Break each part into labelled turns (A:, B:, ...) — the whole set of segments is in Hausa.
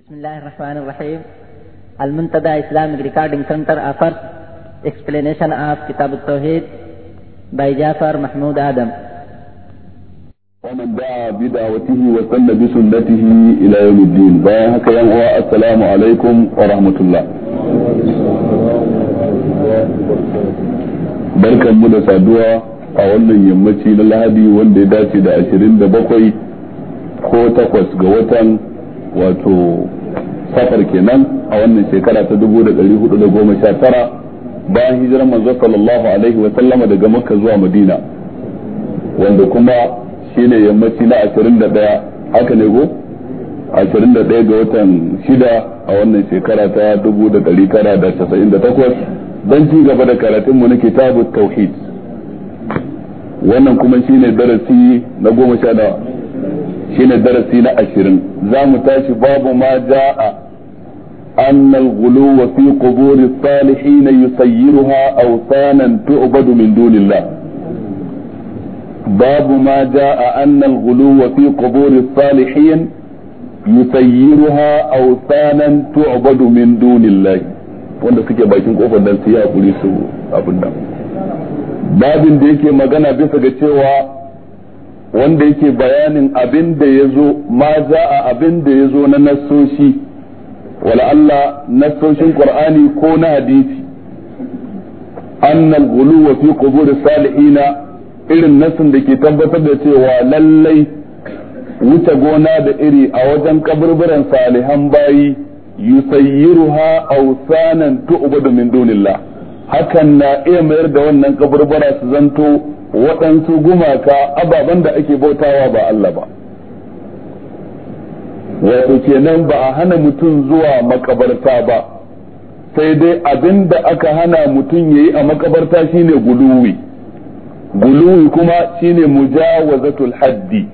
A: بسم الله الرحمن الرحيم المنتدى Islamic Recording Center offers explanation of كتاب التوحيد by جعفر محمود آدم ومن دعا بدعوته وسل بسنته إلى يوم الدين باهك ينهو السلام عليكم ورحمة الله بركة مدى سادوة أولا يمتي للهدي والدداتي دا عشرين دا بقوي كوتا قوس wato safar kenan a wannan shekara ta dubu da da hudu goma sha tara bayan hijirar manzo sallallahu alaihi wa sallama daga makka zuwa madina wanda kuma shine yammaci na ashirin da daya haka ne go daya ga watan shida a wannan shekara ta takwas don ci gaba da karatunmu na kitabu tauhid wannan kuma shine darasi na goma sha shine darasi na ashirin za mu tashi babu ma ja'a أن الغلو في قبور الصالحين يسيرها أوثانا تعبد من دون الله باب ما جاء أن الغلو في قبور الصالحين يسيرها أوثانا تعبد من دون الله wanda suke bakin kofar nan sai ya kuri su abin nan babin da yake magana bisa ga cewa wanda yake bayanin abin da ya zo ma za a abin da ya zo na nassoshi wala Allah nassoshin qur'ani ko na hadisi annal wa fi qubur salihina irin nassin da ke tabbatar da cewa lallai wuce gona da iri a wajen kaburburan salihan bayi yusayyiruha awsanan tu'budu min dunillah hakan na iya mayar da wannan kaburbara su zanto waɗansu gumaka ababen da ake bautawa ba Allah ba wato kenan ba a hana mutum zuwa makabarta ba sai dai abin da aka hana mutum yayi a makabarta shine guluwi guluwi kuma shine mujawazatul haddi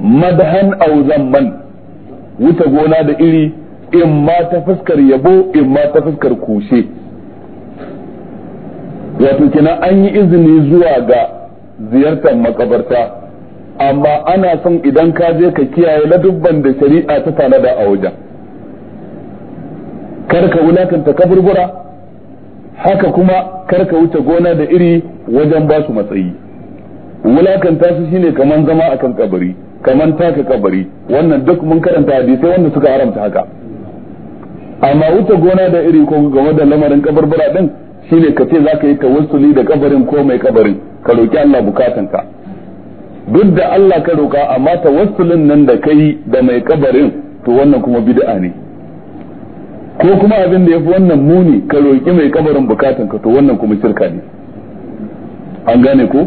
A: madhan aw zamman wuce gona da iri in ma ta fuskar yabo in ma ta fuskar kushe wato kenan an yi izini zuwa ga ziyartar makabarta amma ana son idan ka je ka kiyaye ladubban da shari'a ta tanada a wajen kar ka wulakanta kaburbura haka kuma karka ka wuce gona da iri wajen ba su matsayi wulakanta su shine kaman zama akan kabari kaman taka kabari wannan duk mun karanta hadisai wanda suka haramta haka amma wuce gona da iri ko game da lamarin kabarbura din shine ka ce zaka yi wasuli da kabarin ko mai kabarin ka roki Allah bukatanka duk da Allah ka roka amma ta wasulin nan da kai da mai kabarin to wannan kuma bid'a ne ko kuma abin da yafi wannan muni ka roki mai kabarin bukatanka to wannan kuma shirka ne an gane ko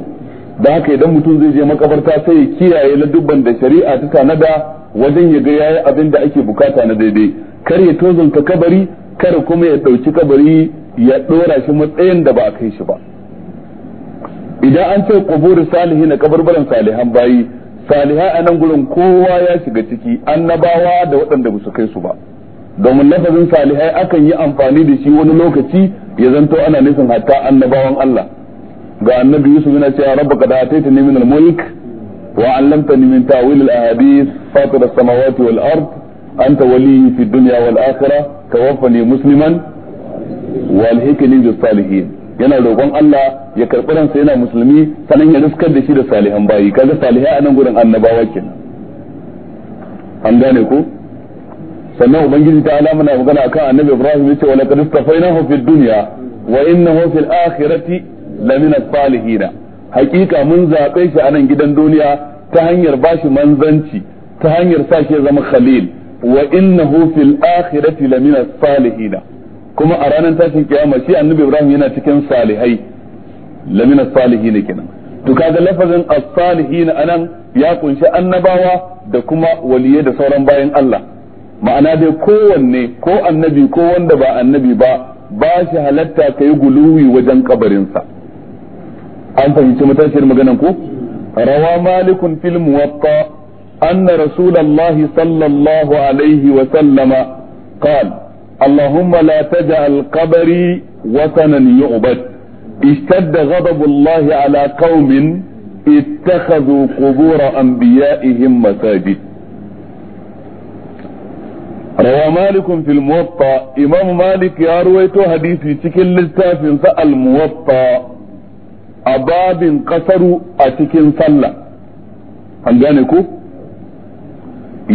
A: da haka idan mutum zai je makabarta sai ya kiyaye ladubban da shari'a ta tanada wajen ya ga yayi abin da ake bukata na daidai kar ya tozonta kabari kar kuma ya ɗauki kabari ya ɗora shi matsayin da ba a kai shi ba idan an ce kubur salihi na kabarbaran salihan bayi salihai a nan gurin kowa ya shiga ciki annabawa da waɗanda ba su kai su ba domin lafazin salihai akan yi amfani da shi wani lokaci ya zanto ana nufin hatta annabawan Allah ga annabi Yusuf yana cewa rabbaka da ataita ni min al-mulk wa 'allamtani min ta'wil al-ahadith fatir as-samawati wal ard anta waliyyi fid dunya wal akhirah tawaffani musliman wal hikni bis salihin yana roƙon Allah ya karɓi ransa yana musulmi sanan ya riskar da shi da salihan bayi kaga salihai a nan gurin annabawa kenan an gane ko sannan ubangiji ta alama na magana akan annabi Ibrahim yace wa laqad istafainahu fid dunya wa innahu fil akhirati lamina salihin hakika mun zaɓe shi a nan gidan duniya ta hanyar bashi manzanci ta hanyar sa shi zama khalil wa innahu fil akhirati lamina salihin kuma a ranar tashin kiyama shi annabi Ibrahim yana cikin salihai lamina salihin kenan to ga lafazin asalihina anan ya ƙunshi annabawa da kuma waliye da sauran bayan Allah ma'ana dai kowanne ko annabi ko wanda ba annabi ba ba shi halatta ka yi guluwi wajen kabarinsa an fahimci matashiyar maganan ku rawa malikun fil muwatta أن رسول الله صلى الله عليه وسلم قال اللهم لا تجعل قبري وثنا يعبد اشتد غضب الله على قوم اتخذوا قبور أنبيائهم مساجد روى مالك في الموطأ إمام مالك يا رويتو حديثي تكن للتافن سأل موطأ أباب قصروا أتكن صلى هل جانكو؟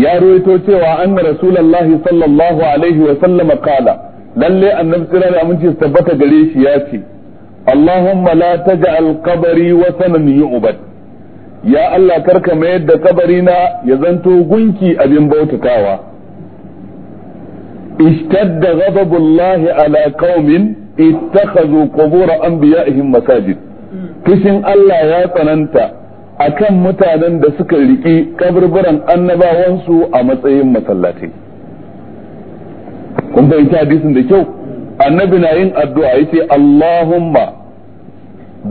A: ya ruwaito cewa anna rasulullahi sallallahu alaihi wa sallama qala lalle annabi tsira da aminci tabbata gare shi ya ce Allahumma la taj'al qabri wasanan yu'bad ya Allah karka mayar da kabarina ya zanto gunki abin bautatawa ishtadda ghadabullahi ala qaumin ittakhadhu qubur anbiya'ihim masajid kishin Allah ya tsananta akan mutanen da suka riki kaburburan annabawansu a matsayin masallatai kun fahimta hadisin da kyau annabi na yin addu'a yace Allahumma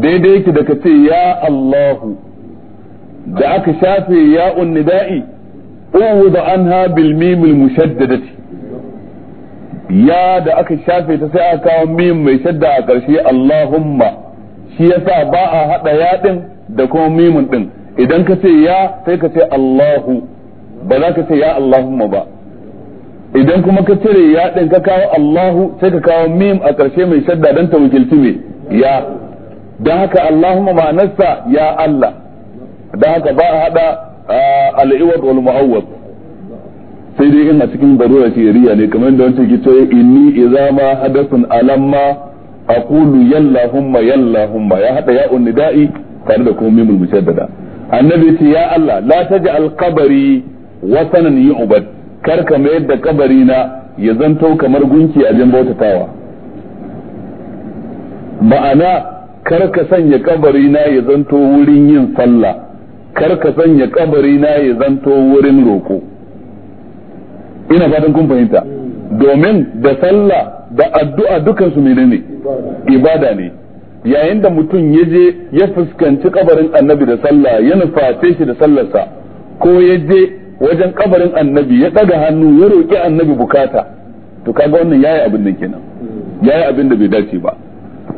A: daidai yake da kace ya Allahu da aka shafe ya unnida'i uwuda anha bil mimil mushaddadati ya da aka shafe ta sai aka kawo mim mai shadda a ƙarshe Allahumma shi yasa ba a hada ya din da kuma mimun din idan ka ce ya sai ka ce Allahu ba za ka ce ya Allahumma ba idan kuma ka cire ya din ka kawo Allahu sai ka kawo mim a ƙarshe mai shadda dan ta wakilci me ya dan haka Allahumma ma'anarsa ya Allah da haka ba a hada al-iwad wal mu'awwad sai dai ina a cikin darura ce riya ne kamar da wancan ki ce inni izama ma hadathun alamma aqulu yallahumma yallahumma ya hada ya'un nida'i tare da kuma mimul mushaddada annabi ce ya Allah la taj'al qabri wasanan yu'bad kar ka mayar da kabari na ya zanto kamar gunki a jin bautatawa ma'ana kar ka sanya kabari na ya zanto wurin yin sallah kar ka sanya kabari na ya zanto wurin roko ina fatan kun fahimta domin da sallah da addu'a dukansu menene ibada ne yayin da mutum ya je ya fuskanci kabarin annabi da sallah ya nuface shi da sallarsa ko ya je wajen kabarin annabi ya daga hannu ya roƙi annabi bukata to kaga wannan yayi abin nan kenan yayi abin da bai dace ba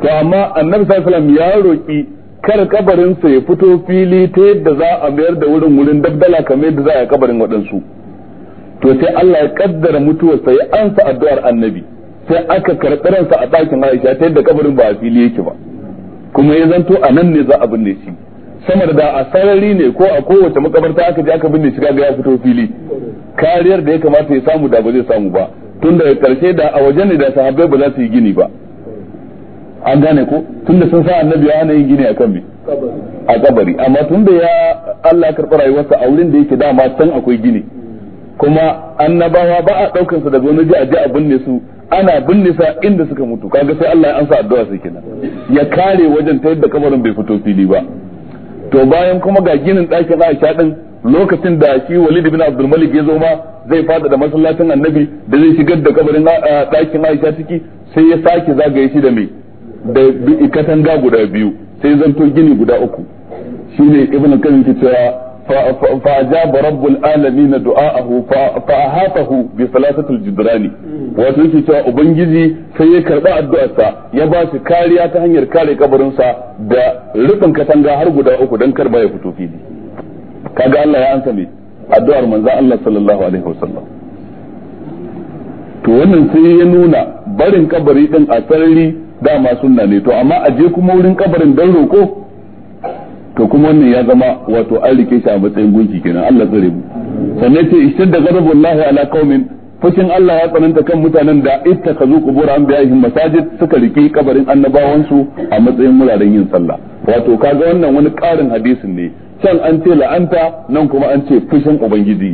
A: to amma annabi sallallahu alaihi wasallam ya roƙi kar kabarin sa ya fito fili ta yadda za a mayar da wurin wurin dabdala kamar yadda za a kabarin waɗansu to sai Allah ya kaddara sa ya ansa addu'ar annabi sai aka karɓi ransa a ɗakin Aisha ta yadda kabarin ba a fili yake ba kuma ya zanto a nan ne za a binne shi sama da a sarari ne ko a kowace makabarta aka je aka binne shi kaga ya fito fili kariyar da ya kamata ya samu da ba zai samu ba tun da karshe da a wajen ne da sahabbai ba za su yi gini ba an gane ko tunda sun sa annabi ya hana yin gini kan me a kabari amma tun da ya Allah karɓa rayuwarsa a wurin da yake dama can akwai gini kuma annabawa ba a ɗaukansa daga wani ji a ji a binne su ana binne sa inda suka mutu kaga sai Allah ya ansa addu'a sai kenan ya kare wajen ta yadda kabarin bai fito fili ba to bayan kuma ga ginin ɗakin Aisha din lokacin da shi Walid bin Abdul Malik ya zo ma zai fada da masallacin Annabi da zai shigar da kabarin ɗakin Aisha ciki sai ya sake zagaye shi da mai da katanga guda biyu sai zanto gini guda uku shine ibn Qayyim ke cewa فأجاب رب العالمين دعاءه فأهاته بثلاثة الجدران wato yake cewa ubangiji sai ya karba addu'arsa ya ba shi kariya ta hanyar kare kabarinsa da rufin katanga har guda uku dan karba ya fito fili kaga Allah ya ansa me addu'ar manzon Allah sallallahu alaihi wasallam to wannan sai ya nuna barin kabari din a sarari dama sunna ne to amma aje kuma wurin kabarin dan roko to kuma wannan ya zama wato an rike shi a matsayin gunki kenan Allah tsare mu sannan ce ishtadda ghadabullahi ala qaumin fushin Allah ya tsananta kan mutanen da ita ittakazu qubur anbiya'ihim masajid suka rike kabarin annabawansu a matsayin wuraren yin sallah wato kaga wannan wani karin hadisin ne can an ce la'anta nan kuma an ce fushin ubangiji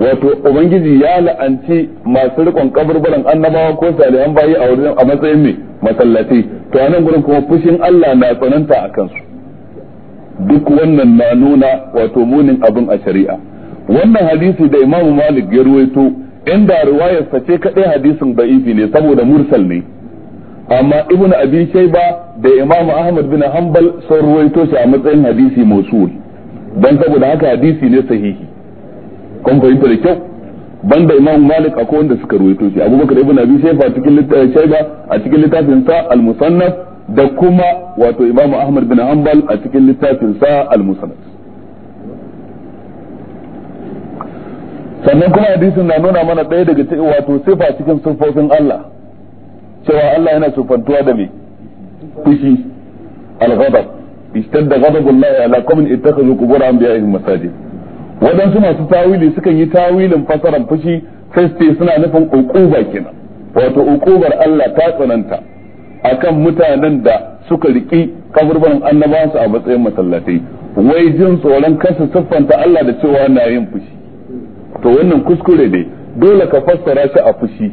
A: wato ubangiji ya la'anci masu rikon kaburburan annabawa ko salihan bayi a wurin a matsayin mai masallatai to anan gurin kuma fushin Allah na tsananta a kansu duk wannan na nuna wato munin abin a shari'a wannan hadisi da Imam Malik ya ruwaito inda riwayar sa ce kadai hadisin da'ifi ne saboda mursal ne amma Ibn Abi Shayba da Imam Ahmad bin Hanbal sun ruwaito shi a matsayin hadisi mausul dan saboda haka hadisi ne sahihi kun fahimta da kyau banda Imam Malik akwai wanda suka ruwaito shi Abubakar ibn Abi Shayba a cikin littafin sa al-Musannaf da kuma wato imamu ahmad bin hanbal a cikin littafin sa al-musnad sannan kuma hadisin na nuna mana ɗaya daga wato sifa cikin siffofin Allah cewa Allah yana sufantuwa da me fushi al-ghadab istadda ghadabullahi ala qaumin ittakhadhu qubur anbiya'ihim masajid masu tawili sukan yi tawilin fasaran fushi sai suna nufin uquba kenan wato uqubar Allah ta tsananta akan mutanen da suka riki kaburban annabansu a matsayin masallatai wai jin tsoron kansa siffanta Allah da cewa na yin fushi to wannan kuskure ne dole ka fassara shi a fushi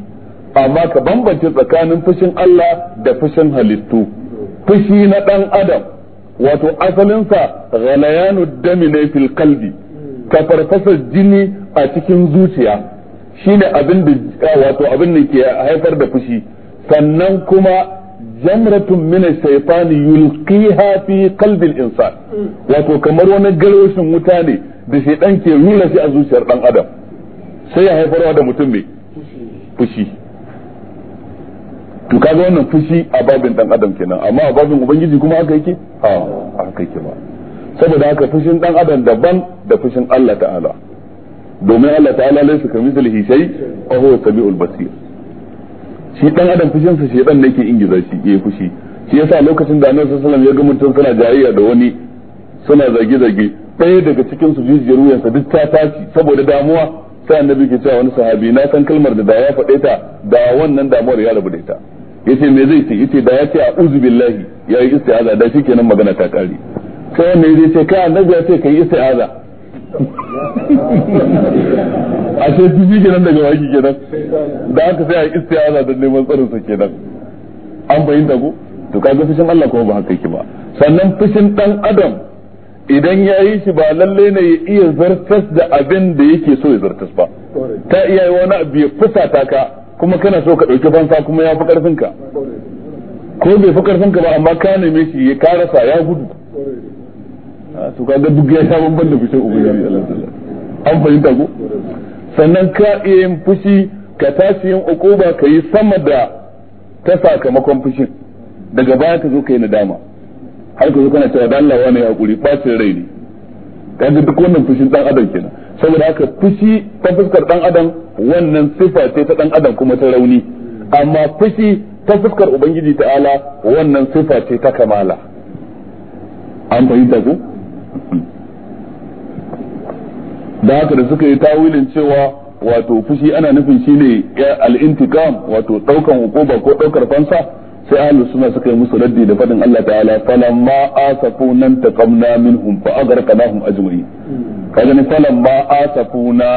A: amma ka bambance tsakanin fushin Allah da fushin halittu fushi na dan adam wato asalinsa ghalayanu dami ne fil kalbi ka farfasar jini a cikin zuciya shine abin da wato abin da ke haifar da fushi sannan kuma jamratun min ash-shaytan yulqiha fi qalbi al-insan wato kamar wani garwashin wuta ne da shaytan ke rula shi a zuciyar dan adam sai ya haifarwa da mutum mai fushi to kaga wannan fushi a babin dan adam kenan amma a babin ubangiji kuma haka yake a haka yake ba saboda haka fushin dan adam daban da fushin Allah ta'ala domin Allah ta'ala laysa kamithlihi shay wa huwa samiul basir shi dan adam fushin sa shedan ne yake ingiza shi yayi fushi shi yasa lokacin da Annabi sallallahu alaihi wasallam ya ga mutum suna jayayya da wani suna zage zage ɗaya daga cikin su jijiyar wuyansa duk ta tashi saboda damuwa sai annabi ke cewa wani sahabi na san kalmar da da ya faɗe ta da wannan damuwar ya rabu da ita yace me zai ce yace da ya ce a'udhu billahi ya isti'aza da shikenan magana ta kare
B: sai wannan zai ce kai annabi ya
A: ce kai isti'aza
B: ce
A: tufi kenan daga waki kenan da aka sai a istiaza don neman tsarin sa kenan an bayyana ko to kaga fushin Allah kuma ba haka yake ba sannan fushin dan adam idan ya yi shi ba lalle ne ya iya zartas da abin da yake so ya zartas ba ta iya yi wani abu ya fusata ka kuma kana so ka ɗauki fansa kuma ya fi ka ko bai fi ka ba amma ka neme shi ya karasa ya gudu to kaga duk ya sha ban da fushin ubangiji an fahimta ko sannan ka iya yin fushi ka tashi yin ukuba ka yi sama da ta sakamakon fushin daga baya ka zo ka yi nadama har ka zo kana cewa da Allah wani ya hakuri bacin rai ne kaga duk wannan fushin dan adam kenan saboda haka fushi ta fuskar dan adam wannan sifa ce ta dan adam kuma ta rauni amma fushi ta fuskar ubangiji ta'ala wannan sifa ce ta kamala an fahimta ku da haka da suka yi tawilin cewa wato fushi ana nufin shi ne al'intikam wato daukan hukuma ko daukar fansa sai ahlu suna suka yi musu raddi da fadin Allah ta'ala falamma asafuna taqamna minhum fa aghraqnahum ajma'in kaga ne falamma na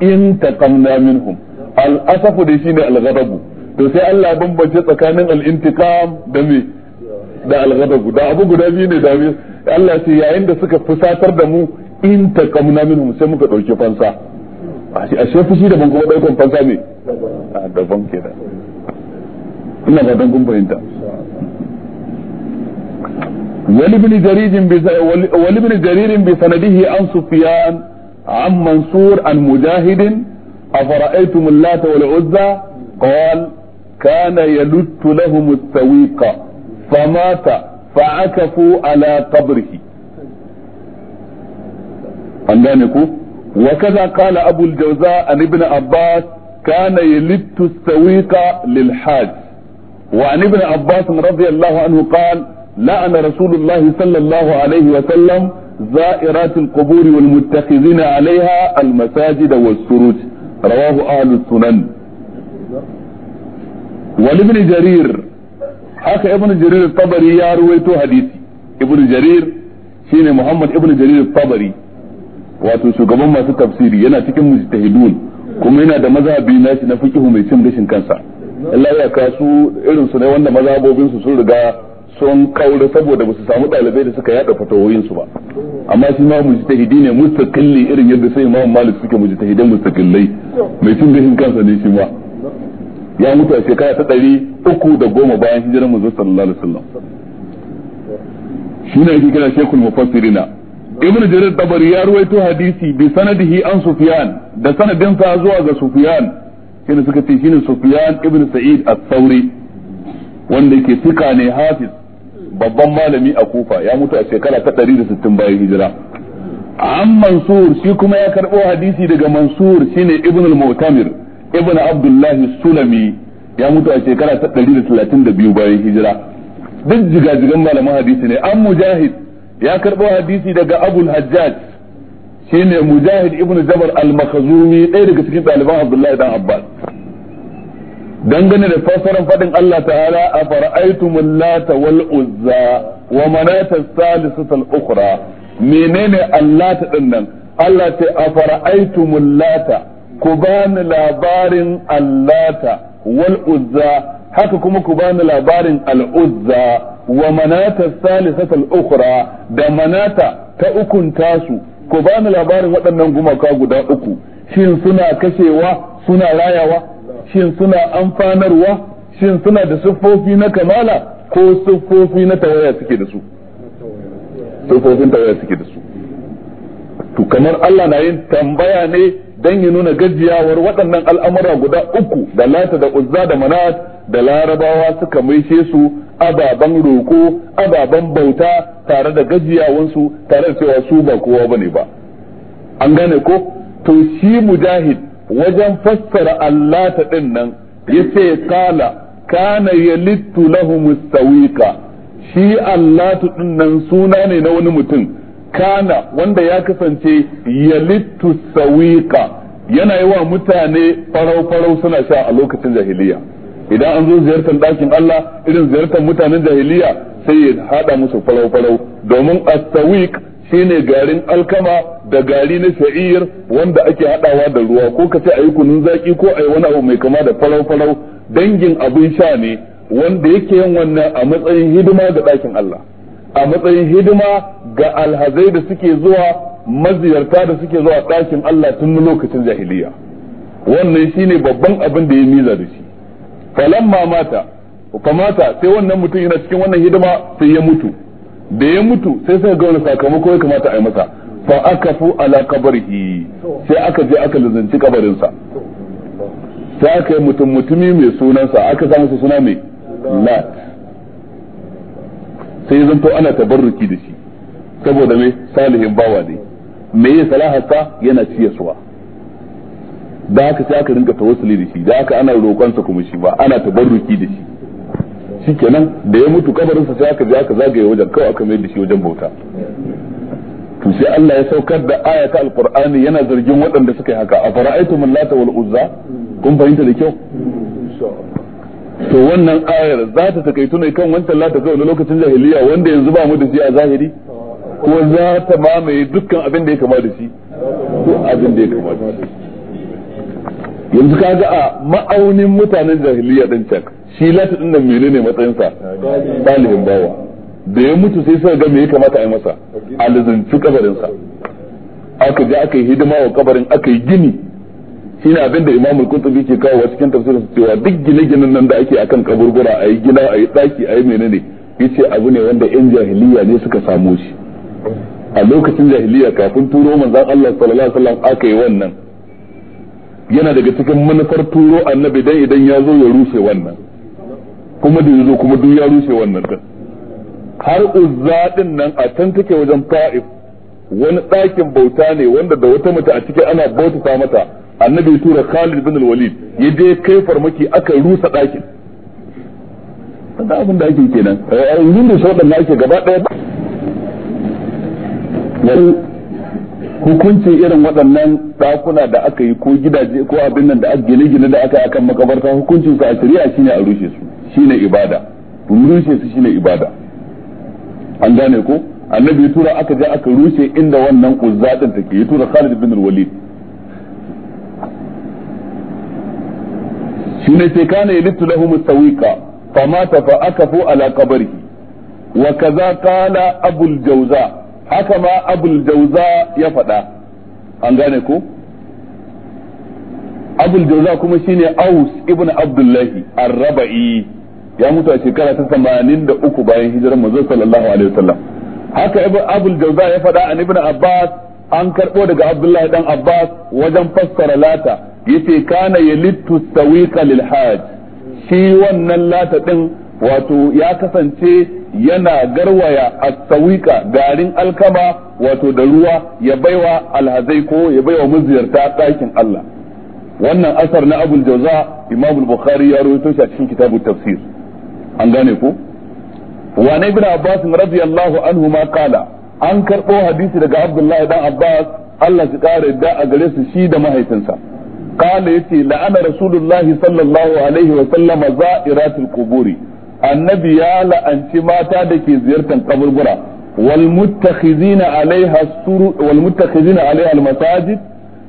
A: in taqamna minhum al-asafu da shine al-ghadabu to sai Allah bambance tsakanin al-intiqam da me da al-ghadabu da abu guda biyu ne da Allah yayin da suka fusatar da mu in taqamna minhum sai muka ɗauki fansa ashe fushi da ban kuma daukan fansa ne a daban da ina ga kun fahimta ولابن جرير ولابن جرير بسنده عن سفيان عن منصور عن مجاهد أفرأيتم اللات والعزى قال كان يلت لهم السويق فمات فعكفوا على قبره أنانكو وكذا قال أبو الجوزاء عن ابن عباس كان يلت السويق للحاج وعن ابن عباس رضي الله عنه قال لعن رسول الله صلى الله عليه وسلم زائرات القبور والمتخذين عليها المساجد والسروج رواه أهل السنن ولابن جرير haka ibnu jarir tabari ya ruwaito hadisi ibnu jarir shine muhammad ibnu jarir tabari wato shugaban masu tafsiri yana cikin mujtahidun kuma yana da mazhabi shi na fiqhu mai cin gashin kansa Allah ya kasu irin su ne wanda mazhabobin su sun riga sun kaure saboda ba su samu dalibai da suka yada fatawoyin su ba amma shi ma mujtahidi ne mustaqilli irin yadda sai Imam Malik suke mujtahidan mustaqillai mai cin gashin kansa ne shi ma ya mutu a shekara ta ɗari uku da goma bayan hijirar manzo sallallahu alaihi wasallam shine yake kira shekul mufassirina ibnu jarir tabari ya ruwaito hadisi bi sanadihi an sufyan da sanadin sa zuwa ga sufyan shine suka ce shine sufyan ibnu sa'id as-sauri wanda yake fika ne hafiz babban malami a kufa ya mutu a shekara ta 160 bayan hijira an mansur shi kuma ya karbo hadisi daga mansur shine ibn al-mu'tamir ibn abdullahi sulami ya mutu a shekara ta 132 bayan hijira duk jigajigan malaman hadisi ne an mujahid ya karbo hadisi daga abul hajjaj shine mujahid ibn jabal al-makhzumi ɗaya daga cikin ɗaliban abdullahi dan abbas dangane da fassarar fadin Allah ta'ala a fara'aitu lata wal uzza wa manata salisata al-ukhra menene allata ɗinnan? Allah ta a fara'aitum lata ku bani labarin allata wal uzza haka kuma ku bani labarin al'uza wa manata salisata al'ukhra da manata ta ukun tasu ku bani labarin waɗannan gumaka guda uku shin suna kashewa suna rayawa shin suna amfanarwa shin suna da siffofi na kamala ko siffofi na tawaya suke da su siffofin tawaya suke da su to kamar Allah na yin tambaya ne dan ya nuna gajiyawar waɗannan al'amura guda uku da lata da uzza da manat da larabawa suka maishe su ababen roƙo ababen bauta tare da gajiyawansu tare da cewa su ba kowa bane ba an gane ko to shi mujahid wajen fassara allata din nan yace kala kana yalittu lahum shi allatu din nan suna ne na wani mutum kana wanda ya kasance yalittu sawiqa yana yi wa mutane farau farau suna sha a lokacin jahiliya idan an zo ziyartar ɗakin Allah irin ziyartar mutanen jahiliya sai ya hada musu farau farau domin as-sawiq shine garin alkama da gari na sha'ir wanda ake hadawa da ruwa ko kace ce ayi kunun zaki ko ayi wani abu mai kama da farau farau dangin abin sha ne wanda yake yin wannan a matsayin hidima ga ɗakin Allah a matsayin hidima ga alhazai da suke zuwa maziyarta da suke zuwa ɗakin Allah tun lokacin jahiliya wannan shine babban abin da ya miza da shi falamma mata mata sai wannan mutum yana cikin wannan hidima sai ya mutu da ya mutu sai sai ga wani sakamako ya kamata a yi masa fa aka fu ala kabarihi sai aka je aka lizanci kabarinsa sai aka yi mutum mutumi mai sunansa aka sa masa suna mai lat sai zan to ana tabarruki da shi saboda me salihin bawa ne me ya salahata yana ciyaswa da haka sai aka rinka tawassuli da shi da haka ana roƙonsa kuma shi ba ana tabarruki da shi shikenan da ya mutu kabarinsa sai aka je aka zagaye wajen kawai aka mai da shi wajen bauta to sai Allah ya saukar da aya ta alqur'ani yana zargin waɗanda suka yi haka a fara'aytum lata wal uzza kun fahimta da kyau mm. to wannan ayar za ta takaitu tuna kan wancan lata kawai na lokacin jahiliya wanda yanzu ba mu da shi a zahiri ko za ta mamaye dukkan abin da ya kama da shi ko abin da ya kama da shi yanzu ka ga a ma'aunin mutanen jahiliya din can shi lata din nan menene matsayinsa ɗalibin bawa da ya mutu sai suka ga me ya kamata a yi masa a lazanci kabarinsa aka je aka yi hidima wa kabarin aka yi gini shine abin da imamul al ke kawo cikin tafsirin cewa duk gine-ginen nan da ake akan kaburbura ayi gida ayi daki ayi menene yace abu ne wanda yan jahiliya ne suka samu shi a lokacin jahiliya kafin turo manzon Allah sallallahu alaihi wasallam aka yi wannan yana daga cikin manufar turo annabi dan idan ya zo ya rushe wannan kuma da yazo kuma duk ya rushe wannan din har uzza din nan a can take wajen fa'if wani ɗakin bauta ne wanda da wata mace a ciki ana bauta mata annabi tura Khalid bin al-Walid ya je kai farmaki aka rusa ɗakin kada abin da ake kenan yanzu eh, da sauɗan ake gaba ɗaya ba hukuncin irin waɗannan ɗakuna da aka yi ko gidaje ko abin nan da aka gine-gine da aka akan makabarta hukuncin su a shari'a shine a rushe su shine ibada rushe su shine ibada an gane ko annabi ya tura aka je aka rushe inda wannan uzza take ya tura Khalid bin al-Walid shine sai kana yalittu lahum sawiqa famata fa aka akafu ala kabari wa kaza kala abul jawza haka ma abul jawza ya faɗa an gane ko abul jawza kuma shine aus ibn abdullahi arraba'i ya mutu a shekara ta samanin da uku bayan hijirar manzo sallallahu alaihi wasallam haka ibn abul jawza ya faɗa an ibn abbas an karbo daga abdullahi dan abbas wajen fassara lata yace kana yalittu sawiqa lil hajj shi wannan lata din wato ya kasance yana garwaya as-sawiqa garin alkama wato da ruwa ya baiwa alhazai ko ya baiwa muziyarta dakin Allah wannan asar na Abu jauza Imam Bukhari ya rawaito shi a cikin kitabut tafsir an gane ko wa ibn Abbas radiyallahu anhu ma an karbo hadisi daga Abdullahi dan Abbas Allah su kare da a gare su shi da mahaifinsa qala yace la'ana rasulullahi sallallahu alaihi wa sallama za'iratul quburi annabi ya la'anci mata da ke ziyartar kaburbura wal muttakhizina alaiha suru wal muttakhizina alaiha al masajid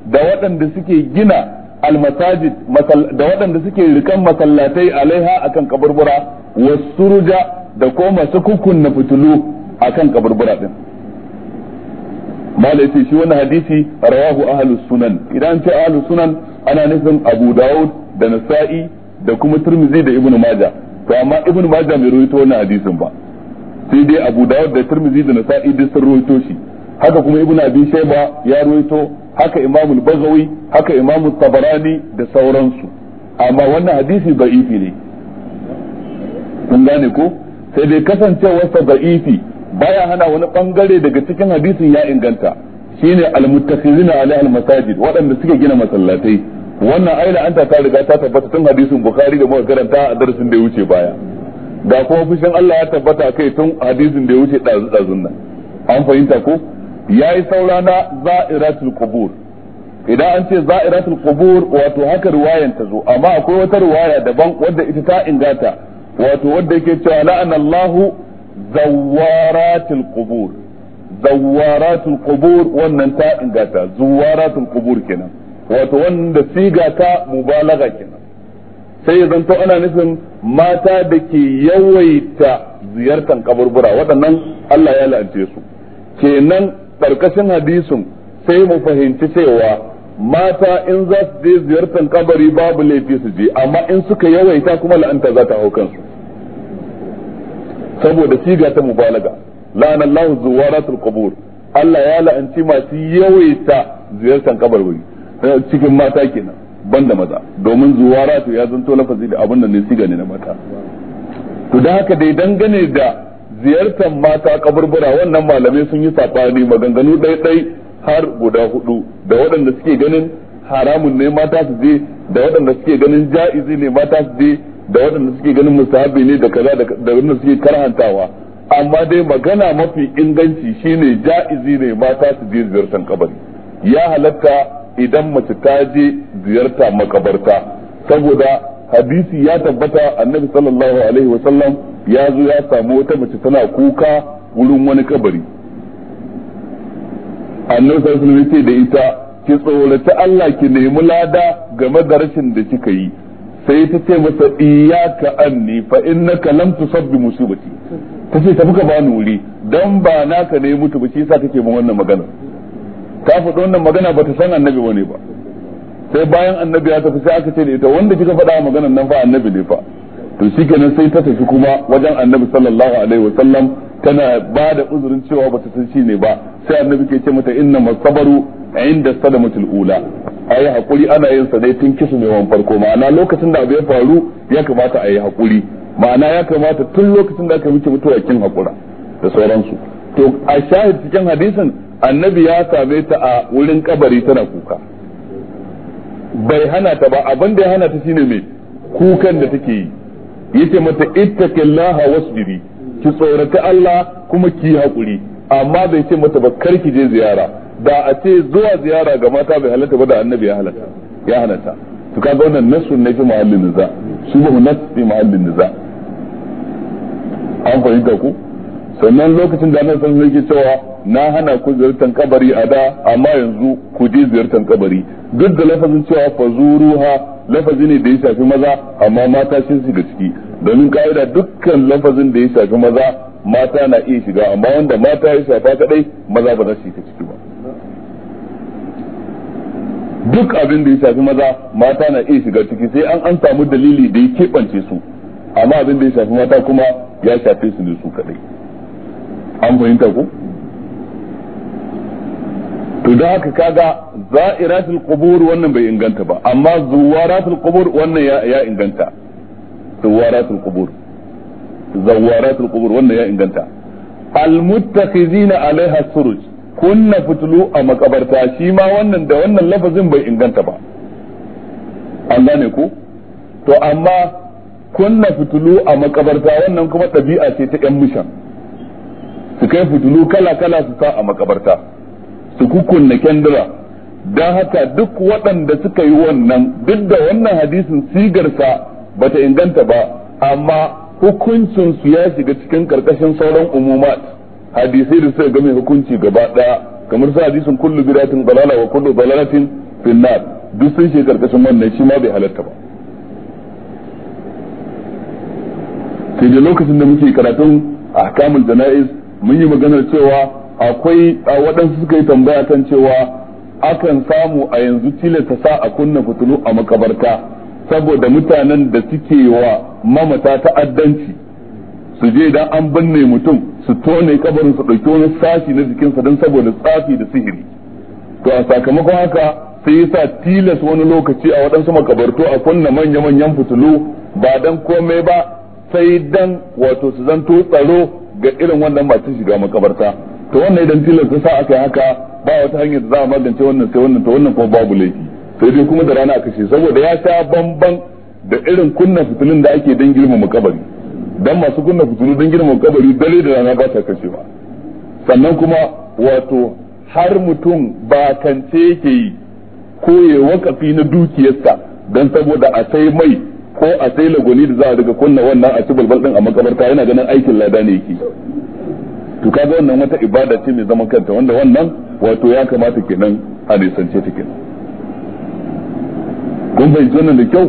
A: da waɗanda suke gina al da waɗanda suke rikan masallatai alaiha akan kaburbura wasuruja da ko masu kukunna fitilu akan kaburbura din mala yace shi wannan hadisi rawahu ahlus sunan idan ce sunan ana nufin Abu Dawud da Nasa'i da kuma Tirmidhi da Ibn Majah to amma Ibn Majah bai rawaito wannan hadisin ba sai dai Abu Dawud da Tirmidhi da Nasa'i duk sun rawaito shi haka kuma Ibn Abi Shayba ya rawaito haka Imam al-Baghawi haka Imam al-Tabarani da sauransu amma wannan hadisi da'ifi ne kun gane ko sai dai kasancewarsa da'ifi baya hana wani bangare daga cikin hadisin ya inganta shine almuttakhizina ala almasajid waɗanda suke gina masallatai wannan aila anta ta riga ta tabbata tun hadisin bukhari da muka karanta a darasin da ya wuce baya ga kuma fushin Allah ya tabbata kai tun hadisin da ya wuce dazu dazun nan an fahimta ko yayi saura na za'iratul qubur idan an ce za'iratul qubur wato haka riwayan ta zo amma akwai wata riwaya daban wadda ita ta ingata wato wadda yake cewa la'anallahu zawaratul qubur zawaratul qubur wannan ta ingata zawaratul qubur kenan wato wanda siga ta mubalaga kenan sai ya zanto ana nufin mata da ke yawaita ziyartar kaburbura waɗannan Allah ya la'ance su kenan ƙarƙashin hadisin sai mu fahimci cewa mata in za su je ziyartar kabari babu laifi su je amma in suka yawaita kuma la'anta za ta hau kansu saboda siga ta mubalaga la'ana Allahu zuwaratul qubur Allah ya la'anci masu yawaita ziyartar kabarbari cikin mata kenan banda maza domin zuwaratu ya zanto lafazi da abin da ne siga ne na mata to da haka dai dangane da ziyartar mata kaburbura wannan malamai sun yi sabani maganganu dai har guda hudu da waɗanda suke ganin haramun ne mata su je da waɗanda suke ganin ja'izi ne mata su je da waɗanda suke ganin musahabi ne da kaza da waɗanda suke karhantawa amma dai magana mafi inganci shine ja'izi ne mata su je ziyartar kabari ya halatta idan mace ta je ziyarta makabarta saboda hadisi ya tabbata annabi sallallahu alaihi wasallam ya zo ya samu wata mace tana kuka wurin wani kabari annabi sallallahu alaihi wasallam da ita ki tsoraci Allah ki nemi lada game da rashin da kika yi sai ta ce masa iyyaka anni fa innaka lam tusabbi musibati ta ce tafi ka bani wuri don ba naka ne mutu ba shi yasa kake mun wannan magana ta faɗi wannan magana ba ta san annabi ne ba sai bayan annabi ya tafi sai aka ce da ita wanda kika faɗa maganar nan fa annabi ne fa to shikenan sai ta tafi kuma wajen annabi sallallahu alaihi wa sallam tana ba da uzurin cewa ba ta san shi ne ba sai annabi ke ce mata inna masabaru inda sadamatul ula ayi hakuri ana yin sa dai tun kisu ne wan farko ma'ana lokacin da abu ya faru ya kamata ayi hakuri ma'ana ya kamata tun lokacin da aka miki mutuwa kin hakura da sauransu to a shahid cikin hadisin annabi ya same ta a wurin kabari tana kuka bai hana ta ba abin da ya hana ta shine mai kukan da take yi yace mata ittaqillaha wasbiri ki tsorata Allah kuma ki hakuri amma bai ce mata ba kar ki je ziyara da a ce zuwa ziyara ga mata bai halatta ba da annabi ya halatta ya halatta to kaga wannan nasu ne fi da niza su ba nas fi da niza an fahimta ku sannan lokacin da na san yake cewa na hana ku ziyartar kabari a da amma yanzu ku je ziyartar kabari duk da lafazin cewa fazuruha lafazi ne da ya shafi maza amma mata sun shiga ciki domin ka'ida dukkan lafazin da ya shafi maza mata na iya shiga amma wanda mata ya shafa kadai maza ba za su shiga ciki ba duk abin da ya shafi maza mata na iya shiga ciki sai an an samu dalili da ya keɓance su amma abin da ya shafi mata kuma ya shafe su ne su kadai an fahimta ko to da haka kaga za'iratul qubur wannan bai inganta ba amma zuwaratul qubur wannan ya inganta zuwaratul qubur zuwaratul qubur wannan ya inganta al muttakhizina alaiha suruj kunna fitulu a makabarta shi ma wannan da wannan lafazin bai inganta ba an gane ku to amma kunna fitulu a makabarta wannan kuma ɗabi'a ce ta yan mishan su kai fitulu kala kala su sa a makabarta su kukunna kendira don haka duk waɗanda suka yi wannan duk da wannan hadisin sigarsa ba ta inganta ba amma hukuncin su ya shiga cikin karkashin sauran umumat hadisai da suka game hukunci gaba ɗaya kamar su hadisin kullu biratin balala wa kullu balalatin finnar duk sun shiga karkashin wannan shi ma bai halarta ba sai da lokacin da muke karatun ahkamul jana'iz mun yi maganar cewa akwai waɗansu suka yi tambaya kan cewa akan samu a yanzu tilasta sa a kunna fitilu a makabarta saboda mutanen da suke wa mamata ta'addanci su je idan an binne mutum su tone kabarin su ɗauki wani sashi na jikinsa don saboda tsafi da sihiri to a sakamakon haka sai ya sa tilas wani lokaci a waɗansu makabartu a kunna manya-manyan fitilu ba don komai ba sai dan wato su zanto tsaro ga irin wannan masu shiga makabarta to wannan idan tilasta sa aka yi haka ba wata hanyar da za a magance wannan sai wannan to wannan kuma babu laifi sai dai kuma da rana aka ce saboda ya sha bamban da irin kunna fitilun da ake dan girmama kabari dan masu kunna fitilu dan girma kabari dare da rana ba kace kashewa sannan kuma wato har mutum ba kance yake yi ko ya wakafi na dukiyarsa dan saboda a sai mai ko a sai lagoni da za a daga kunna wannan a cibar balɗin din a makabarta yana ganin aikin lada ne yake to kaga wannan wata ibada ce mai zaman kanta wanda wannan wato ya kamata kenan a nisance ta kenan kun zo wannan da kyau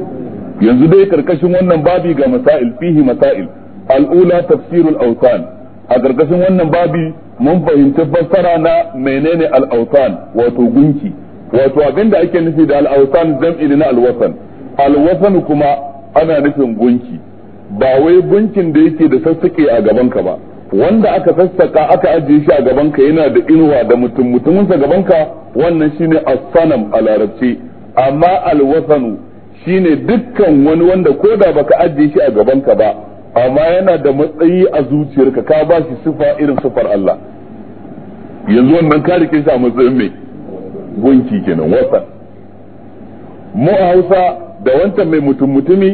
A: yanzu dai karkashin wannan babi ga masail fihi masail al'ula tafsirul awsan a karkashin wannan babi mun fahimci fassara na menene al'autan wato gunki wato abinda ake nufi da al'autan jam'i na alwasan alwasan kuma ana nufin gunki ba wai gunkin da yake da sassaƙe a gabanka ba wanda aka sassaƙa aka ajiye shi a gabanka yana da inuwa da mutum mutuminsa gabanka wannan shine asanam sanam a larabci amma al shine dukkan wani wanda ko da baka ajiye shi a gabanka ba amma yana da matsayi a zuciyarka ka ba shi sifa irin sifar Allah yanzu wannan ka rike shi a matsayin mai gunki kenan wasan mu a Hausa da wancan mai mutum mutumi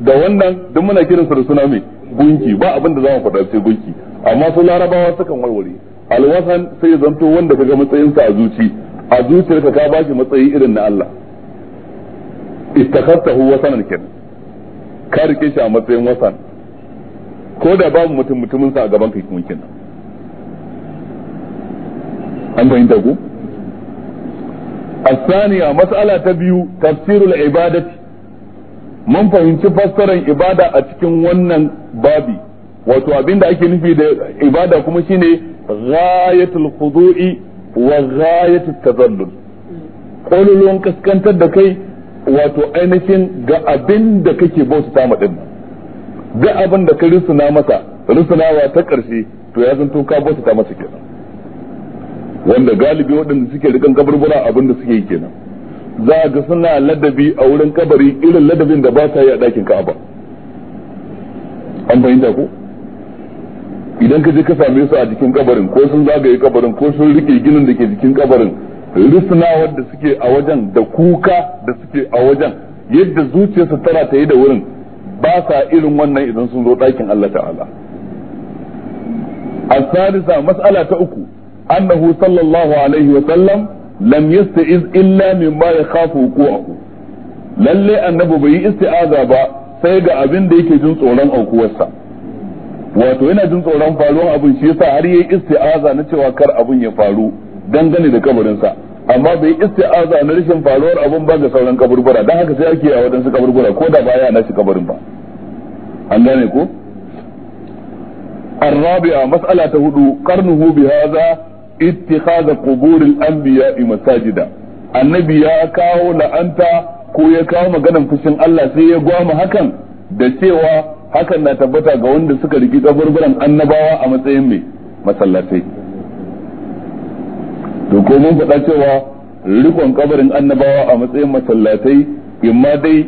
A: da wannan duk muna kiransa da suna mai gunki ba abin da za mu faɗa sai gunki amma su larabawa sukan warware alwasan sai ya zanto wanda kaga matsayinsa a zuci a zuciyarka ka bashi matsayi irin na Allah ittakhadtahu wasanan kenan ka rike shi a matsayin wasan ko da babu mutum mutumin sa a gaban kai kuma kin an bayyana ku الثانية مسألة تبيو تفسير العبادة mun fahimci fassarar ibada a cikin wannan babi wato abin ake nufi da ibada kuma shine ghayatul khudu'i wa ghayatul tazallul kololon kaskantar da kai wato ainihin ga abin da kake bauta ma din abin da ka rusuna masa rusunawa ta ƙarshe to ya zanto ka bauta masa kenan wanda galibi waɗanda suke rikan kaburbura abinda suke yi kenan za a ga suna ladabi a wurin kabari irin ladabin da ba ta yi a ɗakin ka'aba an fahimta ko idan ka je ka same su a jikin kabarin ko sun zagaye kabarin ko sun rike ginin da ke jikin kabarin risna da suke a wajen da kuka da suke a wajen yadda zuciyarsa tana ta yi da wurin ba sa irin wannan idan sun zo ɗakin Allah ta'ala a sadisa mas'ala ta uku annahu sallallahu alaihi wa sallam lam yasta'iz illa mimma yakhafu wuqu'ahu lalle annabi bai yi isti'aza ba sai ga abin da yake jin tsoron aukuwarsa wato yana jin tsoron faruwar abin shi yasa har yayi isti'aza na cewa kar abin ya faru dangane da kabarinsa amma bai yi isti'aza na rashin faruwar abin ba ga sauran kaburbura Da haka sai ake a wadansu kaburbura ko da baya na shi kabarin ba an gane ko الرابعة مسألة هدو قرنه بهذا ittikhadha quburil anbiya'i masajida annabi ya kawo la'anta ko ya kawo maganan fushin Allah sai ya gwama hakan da cewa hakan na tabbata ga wanda suka riki kaburburan annabawa a matsayin mai masallatai to ko mun faɗa cewa rikon kabarin annabawa a matsayin masallatai imma dai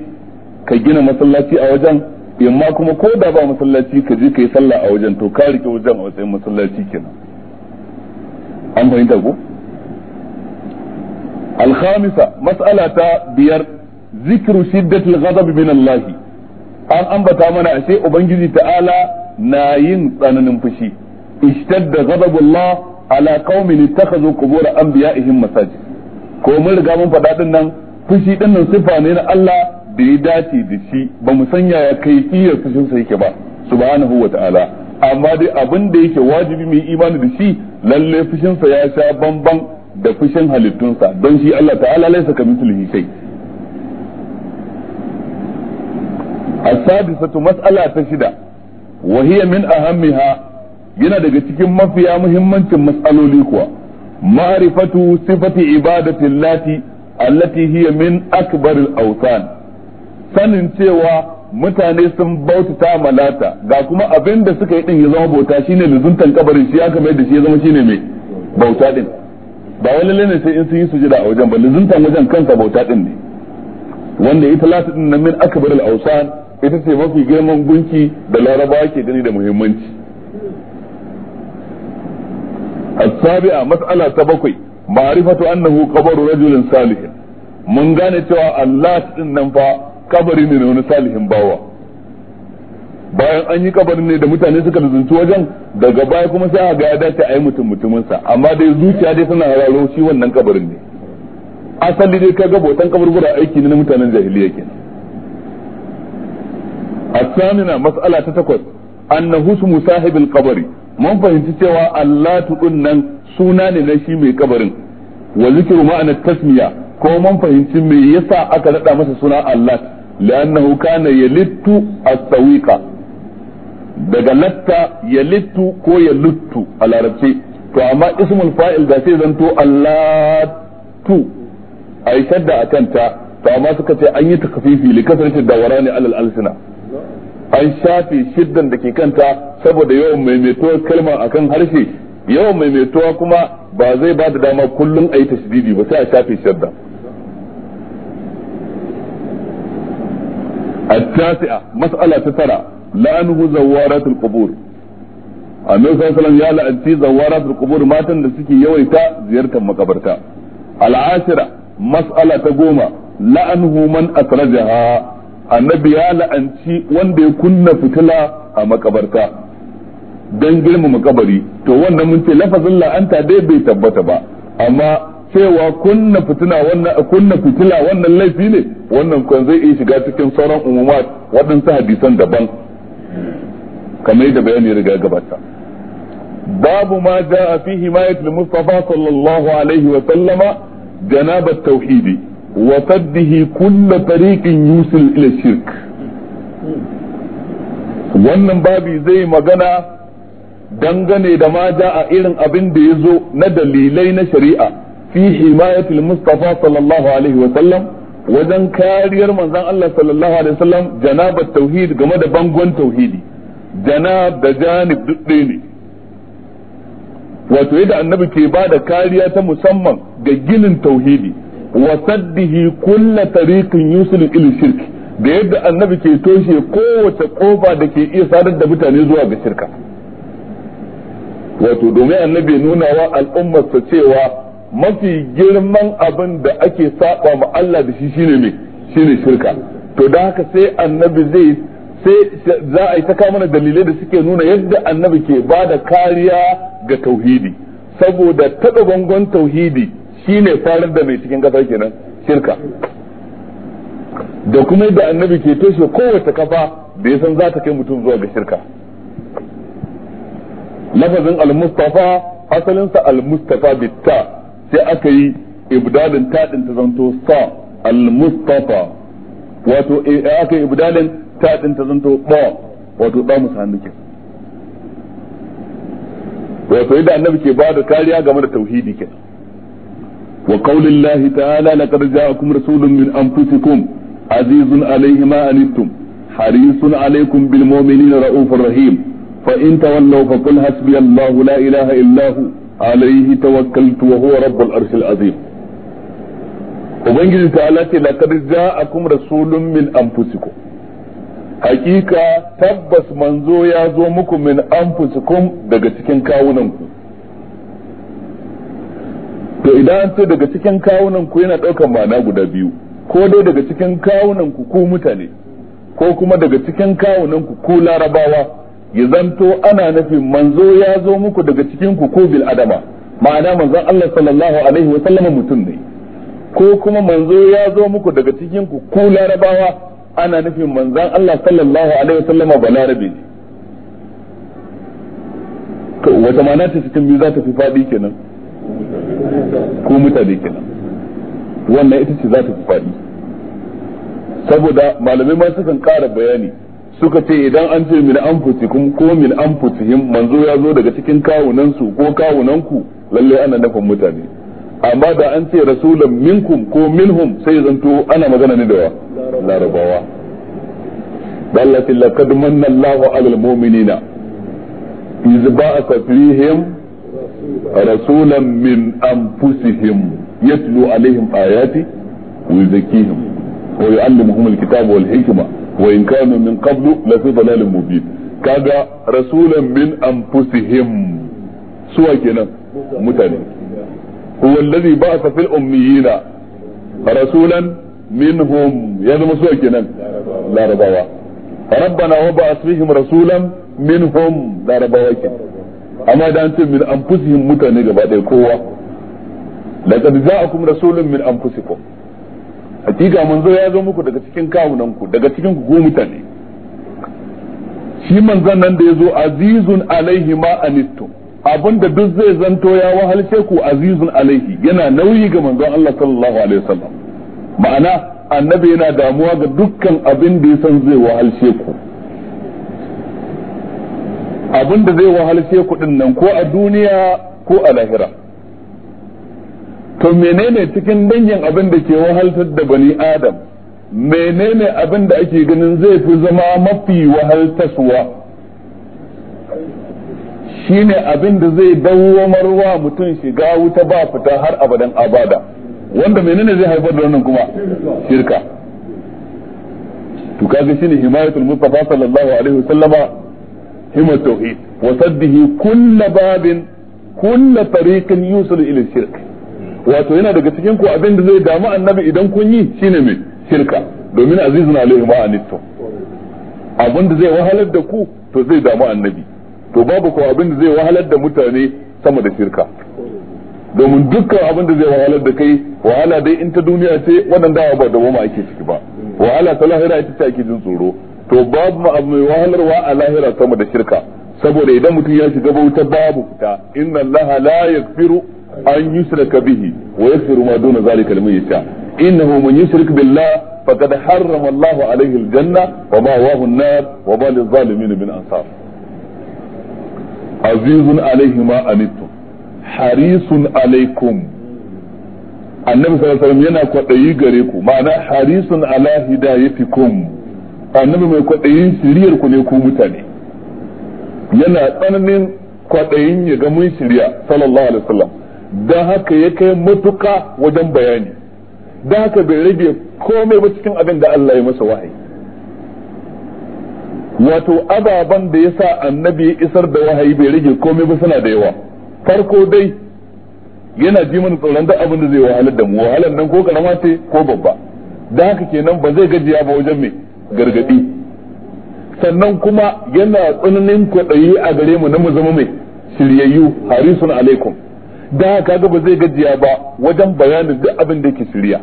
A: ka gina masallaci a wajen imma kuma ko da ba masallaci ka je ka yi sallah a wajen to ka rike wajen a matsayin masallaci kenan an fahimta ko الخامسة ta biyar zikiru شدة الغضب من الله an ambata mana ashe ubangiji ta'ala na yin tsananin fushi ishtadda ghadabullah ala qaumin ittakhadhu qubur anbiya'ihim masajid ko mun riga mun faɗa din nan fushi din nan sifa ne na Allah da ya dace da shi ba mu sanya ya kaifiyar fushin sa yake ba subhanahu wa ta'ala amma dai abin da yake wajibi mai imani da shi lalle fushinsa ya sha bamban da fushin halittunsa don shi Allah ta'ala laisa ka mithlihi shay asabi sadisatu mas'ala ta shida wa hiya min ahammiha yana daga cikin mafiya muhimmancin mas'aloli kuwa ma'rifatu sifati ibadati allati allati hiya min akbar sanin cewa mutane sun bautata malata ga kuma abin da suka yi din ya zama bauta shine luzuntan kabarin shi aka mai da shi ya zama shine mai bauta din ba wani lalle sai in sun yi sujada a wajen ba luzuntan wajen kansa bauta din ne wanda ita lati din nan min akbar al-awsan ita ce mafi girman gunki da larabawa ke gani da muhimmanci mas'ala ta bakwai marifatu annahu qabru rajulin salih mun gane cewa Allah din nan fa kabari ne na wani salihin bawa bayan an yi kabarin ne da mutane suka zunci wajen daga baya kuma sai a ga ya dace a yi mutum mutuminsa amma dai zuciya dai suna raro shi wannan kabarin ne asali dai ga bautan gura aiki ne na mutanen jahiliya A asamina mas'ala ta takwas annahu su musahibin kabari mun fahimci cewa Allah tudun nan suna ne na shi mai kabarin wa zikiru ma'ana tasmiya ko mun fahimci me yasa aka nada masa suna Allah لأنه كان يلت الطويقة daga latta ya littu ko ya luttu a larabci to amma ismul fa'il da sai zanto allatu a yi shadda a kanta to amma suka ce an yi takafifi li kasance da wara ne alal alsina an shafe shiddan da ke kanta saboda yawan maimaituwar kalma akan harshe yawan maimaituwa kuma ba zai ba da dama kullum a yi tashdidi ba sai a shafe shiddan التاسعة مسألة تسرع لأنه زوارات القبور النبي صلى الله عليه وسلم يا زوارات القبور ما تندسكي يويتا زيارة مقبرتا العاشرة مسألة تقوم لأنه من أخرجها النبي يا لأنتي وان دي كن فتلا مقبرتا dan girmama kabari to wannan mun ce lafazin la'anta dai bai tabbata ba amma cewa kunna fitina wannan kunna fitila wannan laifi ne wannan kun zai iya shiga cikin sauran umumat waɗansu hadisan daban kamar yadda bayani riga gabata babu ma jaa fihi himayat al-mustafa sallallahu alaihi wa sallama janaba tauhidi wa saddihi kullu tariqin yusil ila shirk wannan babi zai magana dangane da ma jaa irin abin da yazo na dalilai na shari'a fi himayatul Mustapha sallallahu alaihi wa sallam wajen kariyar manzon Allah sallallahu alaihi wa sallam janabat tauhid game da bangon tauhidi janab da janib duk ne wato yadda annabi ke bada kariya ta musamman ga ginin tauhidi wa saddihi kulla tariqin yusul ila shirki da yadda annabi ke toshe kowace kofa da ke iya sadar da mutane zuwa ga shirka wato domin annabi nuna wa al'ummarsa cewa mafi girman abin da ake saba ma Allah da shi shine me shine shirka to da haka sai annabi zai sai za a yi ta mana dalilai da suke nuna yadda annabi ke ba da kariya ga tauhidi saboda taɓa bangon tauhidi shine farar da mai cikin ƙasa kenan shirka da kuma yadda annabi ke toshe kowace kafa da san za ta kai mutum zuwa ga shirka lafazin al-mustafa asalinsa al-mustafa bitta sai aka yi ibdalin taɗin ta zanto sa al-mustafa wato eh, eh, aka yi ibdalin taɗin ta zanto ba wato ba musu hannu ke wato yadda annabi ke bada kariya game da tauhidi ke wa qaulin lahi ta'ala laqad ja'akum rasulun min anfusikum azizun alayhi ma anittum harisun alaykum bil mu'minina ra'ufur rahim fa in tawallaw faqul hasbi allah la ilaha illa huwa عليه توكلت وهو رب العرش العظيم ubangiji ta za a ja'akum rasulun min anfusikum hakika tabbas manzo ya zo muku min anfusikum daga cikin kawunanku to idan an ce daga cikin kawunanku yana ɗaukar ma'ana guda biyu ko dai daga cikin kawunanku ku mutane ko kuma daga cikin kawunanku ku larabawa ya zanto ana nufin manzo ya zo muku daga cikin ku ko bil adama ma'ana manzon Allah sallallahu alaihi wa sallam mutum ne ko kuma manzo ya zo muku daga cikin ku ko larabawa ana nufin manzon Allah sallallahu alaihi wa sallam larabi ne to wata ma'ana ta cikin biyu za ta fi fadi kenan ko mutane kenan wannan ita ce za ta fi fadi saboda malamai ma sukan ƙara bayani suka ce idan an ce min anfusikum ko min anfusihim manzo ya zo daga cikin kawunan su ko kawunan ku lalle ana nafin mutane amma da an ce rasulan minkum ko minhum sai zanto ana magana ne da wa larabawa dallati laqad manna Allahu 'alal mu'minina iz ba'atha fihim rasulan min anfusihim yatlu 'alaihim ayati wa yuzakkihim wa yu'allimuhum al wal hikma wa in min qablu la fi dalalin mubin kaga rasulan min anfusihim suwa kenan mutane huwa alladhi ba'atha fil ummiyina rasulan minhum ya zama suwa kenan larabawa rabbana wa ba'ath fihim rasulan minhum larabawa kenan amma da an ce min anfusihim mutane gaba ɗaya min hakika manzo ya zo muku daga cikin kawunan ku daga cikin ku mutane shi manzon nan da ya zo azizun alaihi ma anittum abinda duk zai zanto ya wahalce ku azizun alaihi yana nauyi ga manzon Allah sallallahu alaihi wasallam ma'ana annabi yana damuwa ga dukkan abin da ya san zai wahalce ku abinda zai wahalce ku din nan ko a duniya ko a lahira to menene cikin dangin abin da ke wahaltar da bani adam menene abin da ake ganin zai fi zama mafi wahaltaswa shine abin da zai dawwamar wa mutum shiga wuta ba fita har abadan abada wanda menene zai haifar da wannan kuma shirka to kaga shine himayatul mustafa sallallahu alaihi wasallama himmat tauhid wa saddihi kull babin kull tariqin yusul ila shirka. wato yana daga cikin ku abin da zai damu annabi idan kun yi shine mai shirka domin azizun alaihi ma anittu abin da zai wahalar da ku to zai damu annabi to babu ko abin da zai wahalar da mutane sama da shirka domin dukkan abin da zai wahalar da kai wahala dai in ta duniya ce wannan dawa ba da goma ake ciki ba wahala ta lahira ita ce ake jin tsoro to babu ma abu mai wahalarwa a lahira sama da shirka saboda idan mutum ya shiga bauta babu fita inna allaha la yaghfiru an yusraka bihi wa yaghfiru ma duna zalika liman yasha innahu man yushrik billah faqad harrama Allahu alayhi aljanna wa ma'wahu an-nar wa ma lil-zalimin min ansar azizun alayhi ma anittum harisun alaykum annabi sallallahu alaihi wasallam yana kwadayi gare ku ma'ana harisun ala hidayatikum annabi mai kwadayin shiriyar ku ne ku mutane yana tsananin kwaɗayin ya ga mun shirya sallallahu alaihi wasallam don haka ya kai matuka wajen bayani da haka bai rage komai ba cikin abin da Allah ya masa wahayi wato ababen da ya sa annabi ya isar da wahayi bai rage komai ba suna da yawa farko dai yana ji mana tsoron da abin da zai wahalar da mu wahalar nan ko karama ce ko babba da haka kenan ba zai gajiya ba wajen mai gargadi sannan kuma yana tsananin kwaɗayi a gare mu na mu zama mai shiryayyu harisun alaikum da haka ga ba zai gajiya ba wajen bayanin duk abin da yake shirya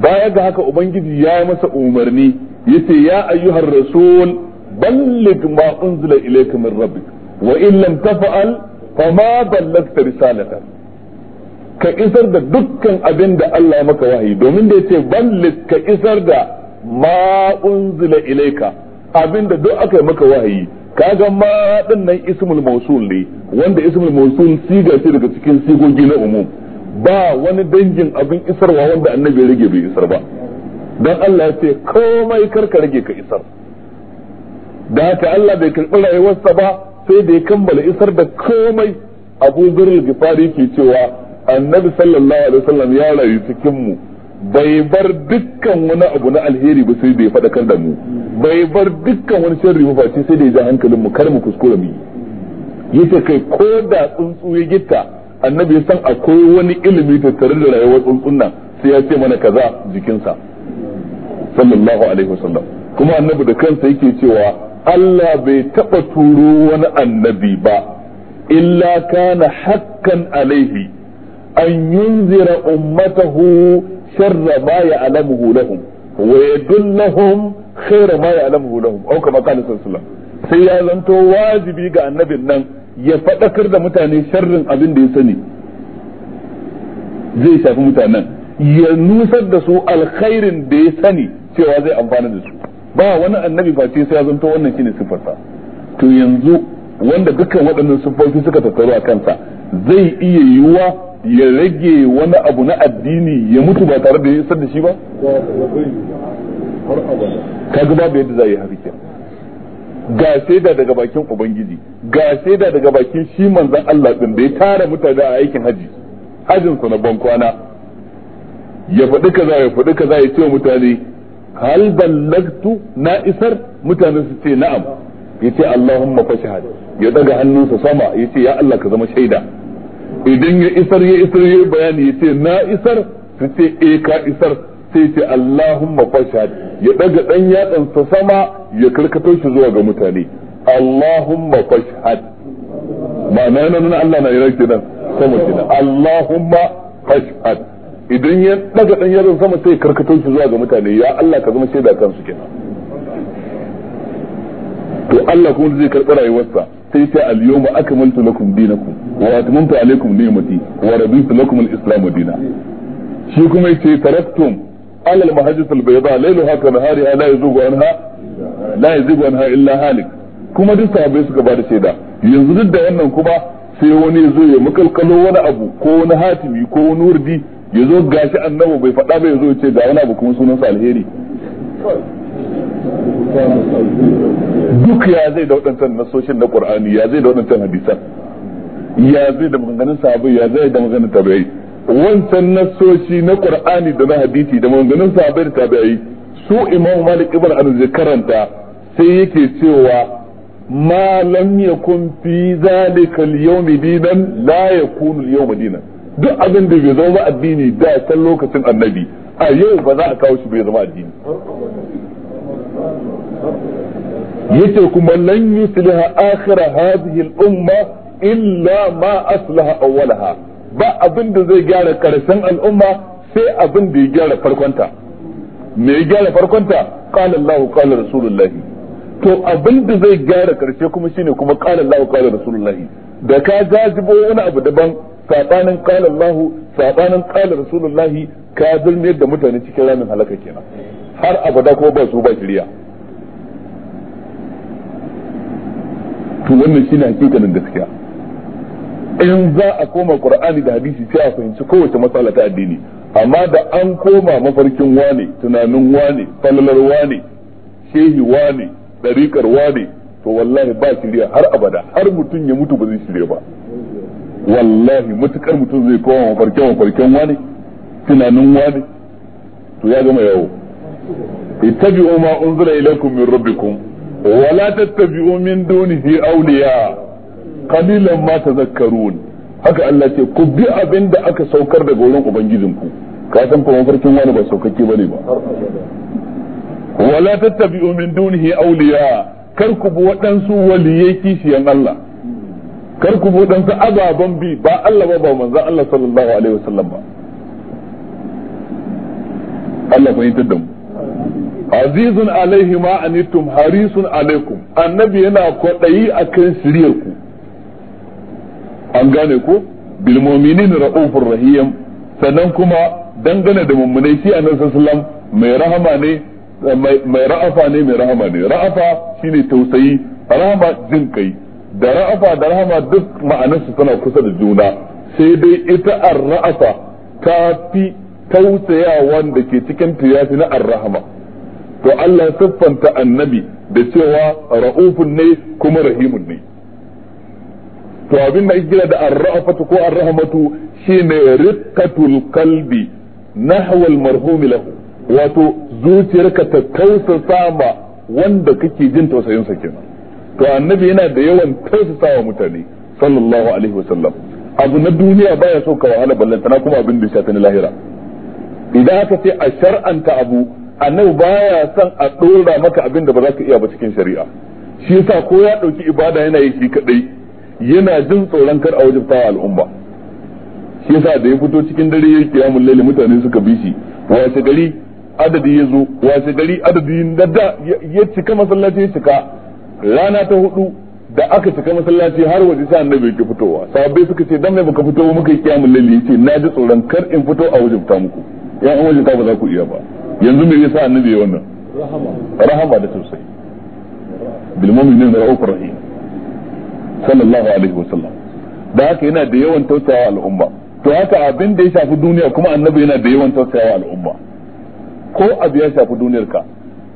A: baya ga haka ubangiji ya yi masa umarni yace ya ayyuhar rasul balligh ma unzila ilayka min rabbik wa in lam taf'al fama ballagta risalata ka isar da dukkan abin da Allah ya maka wahayi domin da yace balligh ka isar da ma unzila ilayka abin da duk aka yi maka wahayi kaga ma din nan ismul mausul ne wanda ismul mausul siga ce daga cikin sigogi na umum ba wani dangin abin isarwa wanda annabi ya rage bai isar ba dan Allah ya ce komai ka rage ka isar da ta Allah bai karɓi rayuwarsa ba sai da ya kammala isar da komai Abu Zurul Gifari ke cewa annabi sallallahu alaihi wasallam ya rayu cikin mu bai bar dukkan wani abu na alheri ba sai bai ya faɗakar da mu bai bar dukkan wani sharri ba face sai da ya ja hankalin mu kar mu kuskure mu yace kai ko da tsuntsu ya gita, annabi ya san akwai wani ilimi tattare da rayuwar tsuntsun nan sai ya ce mana kaza jikinsa sallallahu alaihi wasallam kuma annabi da kansa yake cewa Allah bai taba turo wani annabi ba illa kana hakkan alaihi an yunzira ummatahu sharra ma ya'lamuhu lahum wa yadullahum khayra ma ya'lamuhu lahum au kama qala sallallahu sai ya zanto wajibi ga annabin nan ya fadakar da mutane sharrin abin da ya sani zai shafi mutanen ya nusar da su alkhairin da ya sani cewa zai amfana da su ba wani annabi ce sai ya zanto wannan shine sifarsa to yanzu wanda dukkan waɗannan siffofi suka tattaru a kansa zai iya yiwuwa ya rage wani abu na addini ya mutu ba tare da ya isar da shi ba kaga babu yadda za a yi haka ga shaida daga bakin ubangiji ga shaida daga bakin shi manzan Allah ɗin da ya tara mutane a aikin haji hajin su na bankwana ya faɗi kaza ya faɗi kaza ya ce mutane hal ballagtu na isar mutane su ce na'am yace Allahumma fashhad ya daga hannunsa sama ya ce ya Allah ka zama shaida idan ya isar ya isar ya bayani ya ce na isar su ce e ka isar sai ce Allahumma fashhad ya daga dan yatsan sa sama ya karkato shi zuwa ga mutane Allahumma fashhad ma'ana nan Allah na yira kenan sama kenan Allahumma fashhad idan ya daga dan yatsan sama sai ya karkato shi zuwa ga mutane ya Allah ka zama shaida kansu kenan to Allah kuma zai karɓi rayuwarsa sai ta al-yawma akmaltu lakum dinakum wa atmamtu alaikum ni'mati wa raditu lakum al-islam dinan shi kuma yace taraktum ala al-mahajjat al-bayda laylaha ka nahariha la yazugu anha la yazugu anha illa halik kuma duk sahabbai suka shaida yanzu duk da wannan kuma sai wani ya zo ya makalkalo wani abu ko wani hatimi ko wani wurdi ya zo gashi annabu bai faɗa ba ya zo ya ce ga wani abu kuma sunansa alheri duk ya zai da waɗancan nasoshin na ƙur'ani ya zai da waɗancan hadisan ya zai da maganganun sahabbai ya zai da maganganun tabi'ai wancan nasoshi na qur'ani da na hadisi da maganganun sahabbai da tabi'ai su imamu malik ibn anas ya karanta sai yake cewa ma lam yakun fi zalika al-yawm dinan la yakunu al-yawm dinan duk abin da bai zama addini da san lokacin annabi a yau ba za a kawo shi bai zama addini yace kuma lan yusliha akhir hadhihi al-umma illa ma aslaha awwalaha ba abin da zai gyara karshen al'umma sai abin da ya gyara farkonta me ya gyara farkonta qala Allah qala rasulullah to abin da zai gyara karshe kuma shine kuma qala Allah qala rasulullah da ka jajibo wani abu daban sabanin qala Allah sabanin qala rasulullah ka zulme da mutane cikin ramin halaka kenan har abada kuma ba su ba shiriya to wannan shine hakikanin gaskiya in za a koma qur'ani da hadisi sai a fahimci kowace matsala ta addini amma da an koma mafarkin wane tunanin wane falalar wane shehi wane dariƙar wane to wallahi ba shirya har abada har mutum ya mutu ba zai shirya ba wallahi matukar mutum zai koma mafarkin mafarkin wane tunanin wane to ya gama yawo ittabi'u ma unzila ilaykum min rabbikum wa la tattabi'u min dunihi awliya qalilan ma tazakkarun haka Allah ce ku bi abin da aka saukar daga wurin ubangijinku ka san kuma farkin wani ba saukake bane ba wala tattabi'u min dunihi awliya kar ku bi waɗansu waliyai kishiyan Allah kar ku bi waɗansu ababan bi ba Allah ba ba manzon Allah sallallahu alaihi wasallam ba Allah fahimtar da mu azizun alaihi ma anittum harisun alaikum annabi yana kwaɗayi akan shiryarku an gane ko bil mu'minin ra'ufur rahim sannan kuma dangane da mummunai shi annabi sallallahu mai rahama ne mai ra'afa ne mai rahama ne ra'afa shine tausayi rahama jin kai da ra'afa da rahama duk ma'anarsu suna kusa da juna sai dai ita ar-ra'afa ta fi tausayawan da ke cikin tiyafi na ar-rahama to Allah siffanta annabi da cewa ra'ufun ne kuma rahimun ne to abin da ake da ar ko ar-rahmatu shine riqqatul qalbi nahwa al-marhum lahu wato zuciyarka ta tausasa ma wanda kake jin tausayin sa kenan to annabi yana da yawan tausasa wa mutane sallallahu alaihi wasallam abu na duniya baya so ka wahala tana kuma abin da shafi na lahira idan aka ce a shar'anta abu annabi baya son a dora maka abin da ba za ka iya ba cikin shari'a shi yasa ko ya dauki ibada yana yi shi kadai yana jin tsoron kar a wajibta al'umma shi yasa da ya fito cikin dare ya kiyamul laili mutane suka bi shi wace gari adadi ya zo wace gari adadi da ya cika masallaci ya cika rana ta hudu da aka cika masallaci har waje sa annabi yake fitowa sahabbai suka ce dan mai baka fito muka yi kiyamul laili yace na ji tsoron kar in fito a wajibta muku yan an wajibta ba za ku iya ba yanzu me yasa annabi ya wannan rahama rahama da tausayi bil mu'minin ra'ufur rahim sallallahu alaihi wasallam da haka yana da yawan tausayawa al'umma to haka abin da ya shafi duniya kuma annabi yana da yawan tausayawa al'umma ko abu ya shafi duniyar ka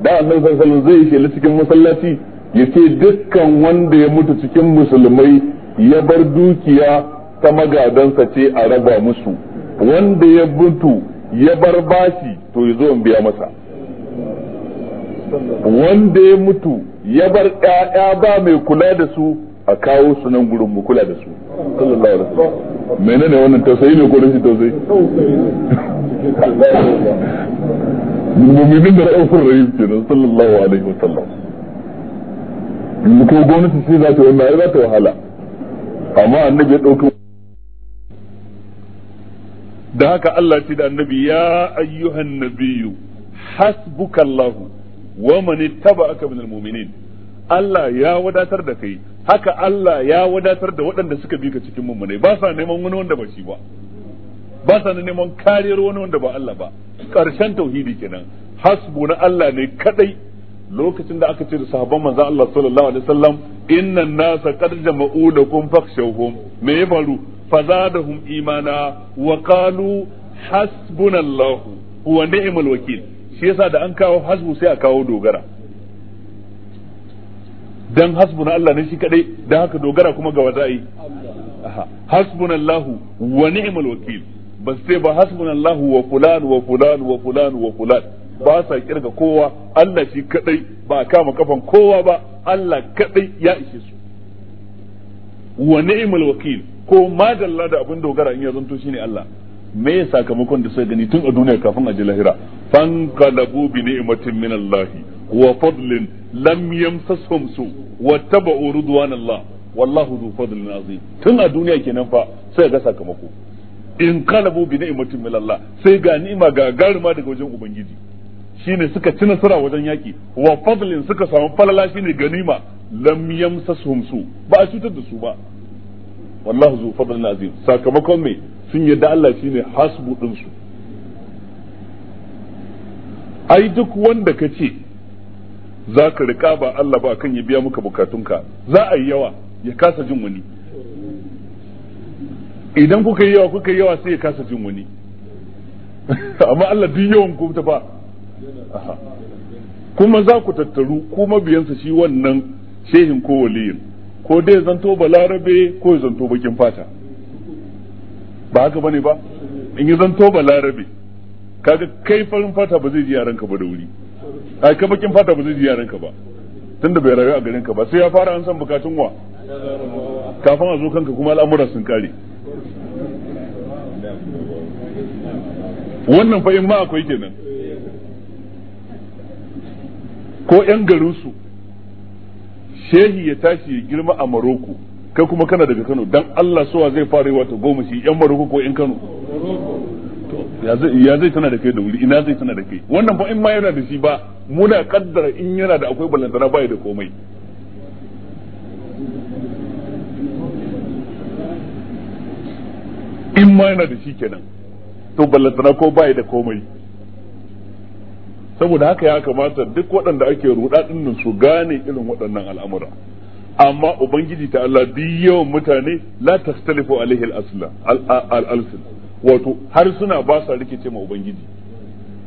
A: da annabi sallallahu alaihi wasallam zai shela cikin masallaci ya ce dukkan wanda ya mutu cikin musulmai ya bar dukiya ta magadansa ce a raba musu wanda ya mutu ya bar bashi to ya zo biya masa wanda ya mutu ya bar ƴaƴa ba mai kula da su a kawo su nan gurin mu kula da su sallallahu alaihi wasallam menene wannan tausayi ne ko rashin tausayi mu'minin da ra'ufur rahim kenan sallallahu alaihi wasallam mu ko gwamnati sai za ta wannan ai za ta wahala amma annabi ya dauki da haka Allah ce da annabi ya ayyuhan nabiyyu hasbukallahu wa man ittaba'aka minal mu'minin Allah ya wadatar da kai haka Allah ya wadatar da waɗanda suka bi ka cikin mummunai ba sa neman wani wanda ba shi ba ba sa neman kariyar wani wanda ba Allah ba ƙarshen tauhidi kenan hasbu na Allah ne kadai lokacin da aka ce da sahabban manzon Allah sallallahu alaihi wasallam innan nasa qad jama'u lakum fakhshawhum me ya faru fazadahum imana wa qalu hasbunallahu huwa ni'mal wakil shi yasa da an kawo hasbu sai a kawo dogara dan hasbuna Allah ne shi kadai dan haka dogara kuma ga wada'i hasbunallahu wa ni'mal wakil ba sai ba hasbunallahu wa fulan wa fulan wa fulan wa fulan ba sa kirga kowa Allah shi kadai ba kama kafan kowa ba Allah kadai ya ishe su wa ni'mal wakil ko madalla da abin dogara in ya zanto shine Allah me ya sakamakon da suka gani tun a duniya kafin a ji lahira fan kalabu bi ni'matin min Allah wa fadlin lam yamsashum su wattaba'u ridwanallah wallahu dhu fadlin azim tun a duniya kenan fa sai ga sakamako in kalabu bi ni'matin min sai ga ni'ima ga garuma daga wajen ubangiji shine suka ci nasara wajen yaki wa fadlin suka samu falala shine ganima lam yamsashum su ba a cutar da su ba wallahu zu fadlin azim sakamakon me sun yadda Allah shine hasbu din su ai duk wanda kace za ka rika ba Allah ba kan ya biya muka bukatunka za a yi yawa ya kasa jin wani idan kuka yi yawa kuka yi yawa sai ya kasa jin wani amma Allah duk yawan ku ta ba kuma za ku tattaru kuma biyansa shi wannan shehin ko waliyin ko dai zanto balarabe ko zanto bakin fata ba haka bane ba in yi zanto balarabe kaga kai farin fata ba zai ji yaranka ba da wuri a ka bakin fata ba zai ji yaranka ba tunda bai rayu a garin ka ba sai ya fara an san bukatun wa kafin a zo kanka kuma al'amura sun kare wannan fa in ma akwai kenan ko yan garin su shehi ya tashi ya girma a maroko kai kuma kana daga kano dan allah suwa zai fara yi wata goma shi yan maroko ko yan kano ya zai tana da kai da wuri ina zai tana da kai wannan ba in ma yana da shi ba muna kaddara in yana da akwai balantana bai da komai in ma yana da shi kenan to balantana ko bai da komai saboda haka ya kamata duk waɗanda ake ruɗa nan su gane irin waɗannan al'amura amma ubangiji ta Allah duk yawan mutane la tastalifu alaihi al-asla al-alsin wato har suna ba sa rikice ma ubangiji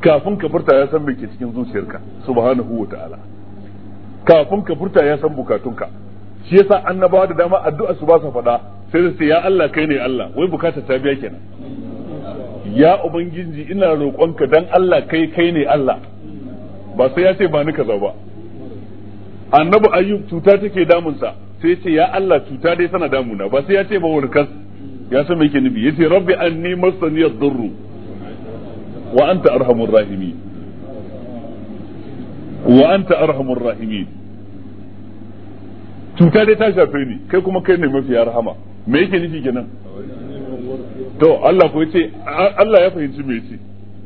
A: kafin ka furta ya san ke cikin zuciyarka subhanahu wa ta'ala kafin ka furta ya san bukatunka shi yasa annabawa da dama addu'a su ba sa faɗa sai su ce ya Allah kai ne Allah wai bukatar ta biya kenan ya ubangiji ina roƙonka dan Allah kai kai ne Allah ba sai ya ce ba ni kaza ba annabi ayyub cuta take damunsa sai ce ya Allah cuta dai tana damuna ba sai ya ce ba warkas ya san me yake nufi yace rabbi anni masani ad wa anta arhamur rahimin wa anta arhamur rahimin cuta dai ta shafe ni kai kuma kai ne mafi rahama me yake nufi kenan to Allah ko yace Allah ya fahimci me yace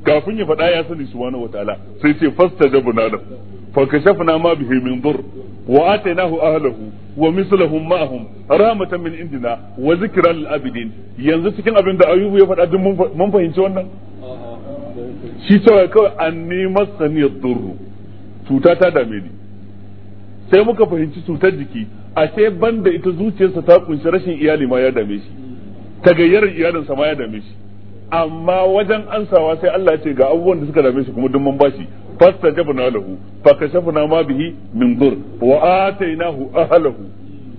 A: kafin ya faɗa ya sani subhanahu wataala sai ce fastajabna lahu fa kashafna ma bihi min dur wa atainahu ahlahu wa mislahum ma'ahum rahmatan min indina wa zikra lil abidin yanzu cikin abin da ayubu ya faɗa duk mun fahimci wannan shi cewa kawai ni masani yadurru cuta ta dame ni sai muka fahimci cutar jiki ashe banda ita zuciyarsa ta kunshi rashin iyali ma ya dame shi tagayyarin iyalinsa ma ya dame shi amma wajen ansawa sai Allah ya ce ga abubuwan da suka dame shi kuma duk mun bashi Fasta fastajabna lahu fakashafna ma bihi min dur wa atainahu ahlahu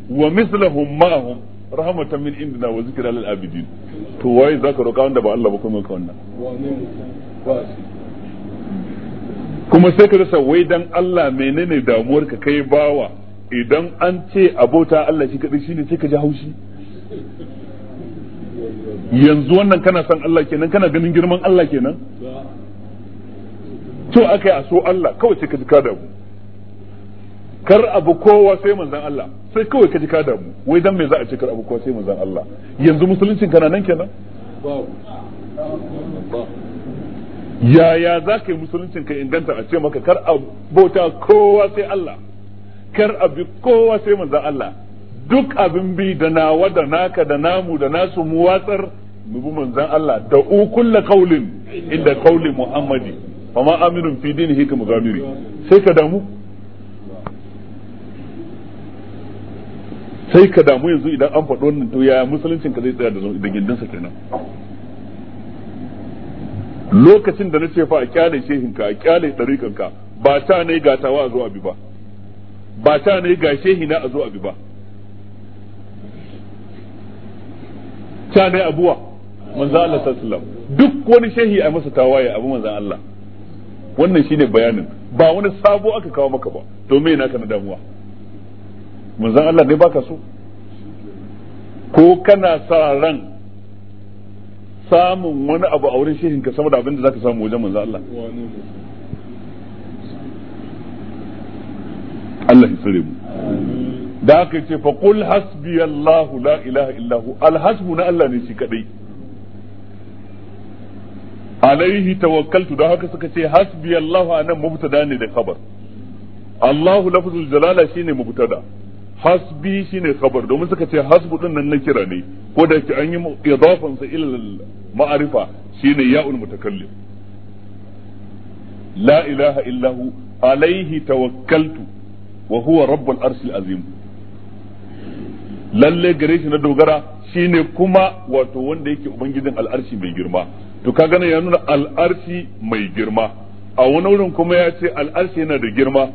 A: wa mislahum ma'ahum rahmatan min indina wa zikra lil abidin to waye zaka roka wanda ba Allah ba kuma ka wannan kuma sai ka rasa wai dan Allah menene damuwar ka kai bawa idan an ce abota Allah shi kadai shine sai ka ji haushi yanzu wannan kana san Allah kenan kana ganin girman Allah kenan to aka yi a so Allah kawai sai ka ji ka damu kar abu kowa sai manzan Allah sai kawai ka ji ka damu wai dan me za a ce kar abu kowa sai manzan Allah yanzu musuluncin kana nan kenan yaya za ka yi musuluncin ka inganta a ce maka kar a bauta kowa sai Allah kar a bi kowa sai manzan Allah duk abin bi da nawa da naka da namu da nasu mu watsar mu bi manzon Allah da ukulla kaulin inda qauli muhammadi wa ma aminun fi dinihi ka mugamiri sai ka damu sai ka damu yanzu idan an faɗo wannan to yaya musuluncin ka zai tsaya da gindinsa kenan lokacin da na ce fa a kyale shehinka a kyale ka ba ta ne ga tawa a zo abi ba ba ta ne ga shehina a zo abi ba ta ne abuwa manzo Allah sallallahu alaihi wasallam duk wani shehi a masa tawaye abu manzo Allah wannan shine bayanin ba wani sabo aka kawo maka ba domin yana naka na damuwa manzon Allah ne baka so ko kana sa ran samun wani abu a wurin shehin ka sama da abin da zaka samu wajen manzon Allah Allah ya tsare mu da aka ce fa qul hasbi Allah la ilaha illahu al hasbu na Allah ne shi kadai alaihi tawakkaltu don haka suka ce hasbi Allahu anan mubtada ne da khabar Allahu lafzul jalala shine mubtada hasbi shine khabar domin suka ce hasbu din nan na kira ne ko da ke an yi idafan sa ila ma'arifa shine ya'ul mutakallim la ilaha illahu alaihi tawakkaltu wa huwa rabbul arshil azim lalle gare shi na dogara shine kuma wato wanda yake ubangijin al'arshi mai girma to ka gane ya nuna al'arshi mai girma a wani wurin kuma ya ce al'arshi yana da girma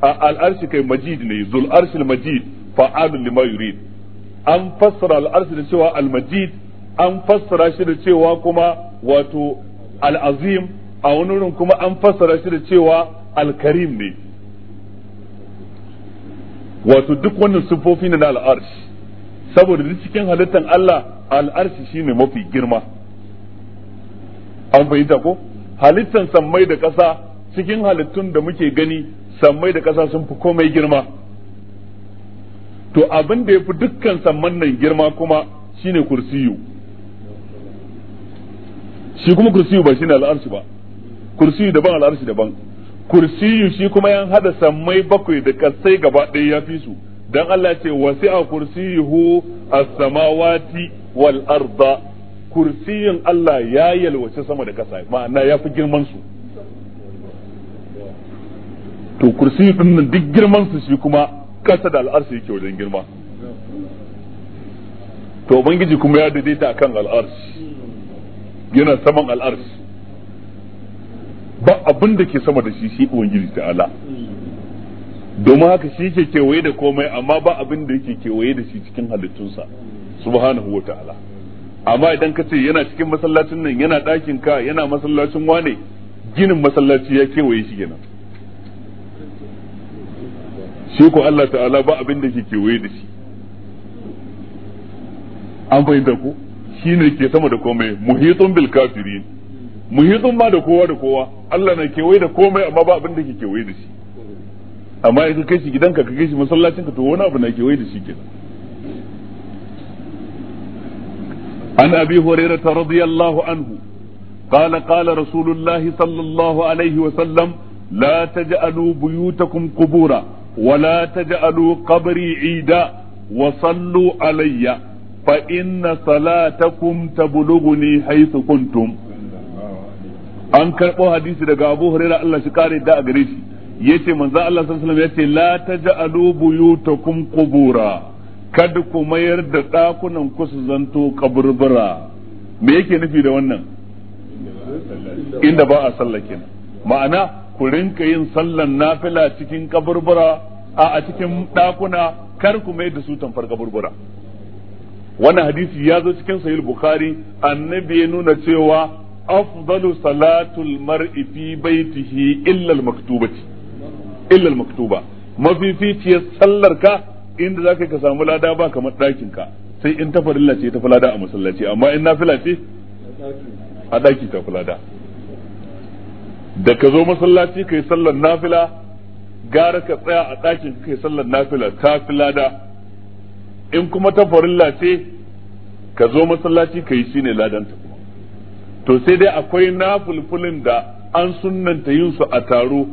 A: a al'arshi kai majid ne zul arshi majid fa fa'alun lima yurid an fassara al'arshi da cewa al-majid an fassara shi da cewa kuma wato al-azim a wani wurin kuma an fassara shi da cewa al-karim ne wato duk wannan siffofi ne na al'arshi saboda duk cikin halittar Allah al'arshi shine mafi girma an fahimta ko halittan sammai da ƙasa cikin halittun da muke gani sammai da ƙasa sun fi komai girma to abin da ya fi dukkan samman nan girma kuma shine kursiyu shi kuma kursiyu ba shine al'arshi ba kursiyu daban al'arshi daban kursiyu shi kuma yan hada sammai bakwai da kasai gaba ɗaya ya fi su don Allah ce wasi'a hu a samawati wal arda kursiyin Allah ya yalwace sama da kasa ma'ana ya fi girman su to kursiyi din nan duk girman su shi kuma kasa da al'arshi yake wajen girma to ubangiji kuma ya daidaita akan al'arshi yana saman al'arshi ba abin da ke sama da shi shi ubangiji ala domin haka shi ke kewaye da komai amma ba abin da yake kewaye da shi cikin halittunsa subhanahu wa ta'ala amma idan ka ce yana cikin masallacin nan yana ɗakin ka yana masallacin wane ginin masallaci ya kewaye shi gina shi ko Allah ta'ala ba abin da ke kewaye da shi an fahimta ko shi ne ke sama da komai muhitun bil kafiri muhitun ma da kowa da kowa Allah na kewaye da komai amma ba abin da ke kewaye da shi amma idan kai shi gidanka ka kai shi masallacin ka to wani abu na kewaye da shi kenan عن أبي هريرة رضي الله عنه قال قال رسول الله صلى الله عليه وسلم لا تجعلوا بيوتكم قبورا ولا تجعلوا قبري عيدا وصلوا علي فإن صلاتكم تبلغني حيث كنتم an karɓo hadisi daga abu huraira Allah shi kare da a gare shi yace manzo Allah sallallahu alaihi wasallam yace la taj'alu buyutakum qubura kada ku mayar da ɗakunan ku su zanto kaburbura me yake nufi da wannan inda ba a sallah ma'ana ku rinka yin sallan nafila cikin kaburbura a a cikin ɗakuna kar ku mayar da su tamfar kaburbura wannan hadisi ya zo cikin sahih bukhari annabi ya nuna cewa afdalu salatul mar'i fi baitihi illa al-maktubati illa al-maktuba mafificiyar sallar ka inda zaka ka samu lada ba kamar ɗakin ka sai in ta farilla ce ta lada a masallaci amma in nafila ce a ɗaki ta lada da ka zo masallaci ka yi sallar nafila gara ka tsaya a ɗakin ka yi sallar nafila ta fi lada in kuma ta farilla ce ka zo masallaci ka yi shine ladanta ta to sai dai akwai nafulfulin da an sunnanta yin su a taro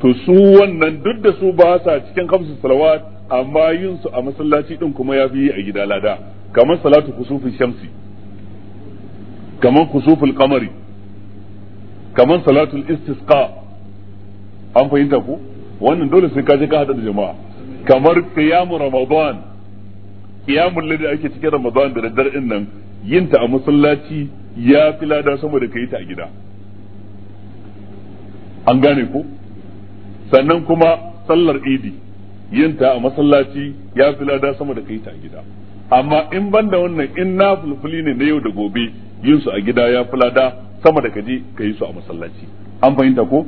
A: to su wannan duk da su ba sa cikin kamsu salawat amma yin su a masallaci din kuma ya fi yi a gida lada kamar salatu kusufin shamsi kamar kusufin kamari kamar salatul istisqa an fahimta ku wannan dole sai ka je ka hada da jama'a kamar qiyam ramadan qiyam ladhi ake cikin ramadan da daddar din nan yin ta a masallaci ya fi lada sama da kai ta a gida an gane ko sannan kuma sallar idi yin ta a masallaci ya fi lada sama da kai ta gida amma in ban da wannan in na fulfuli ne na yau da gobe yin su a gida ya fi lada sama da kaje ka yi su a masallaci an fahimta ko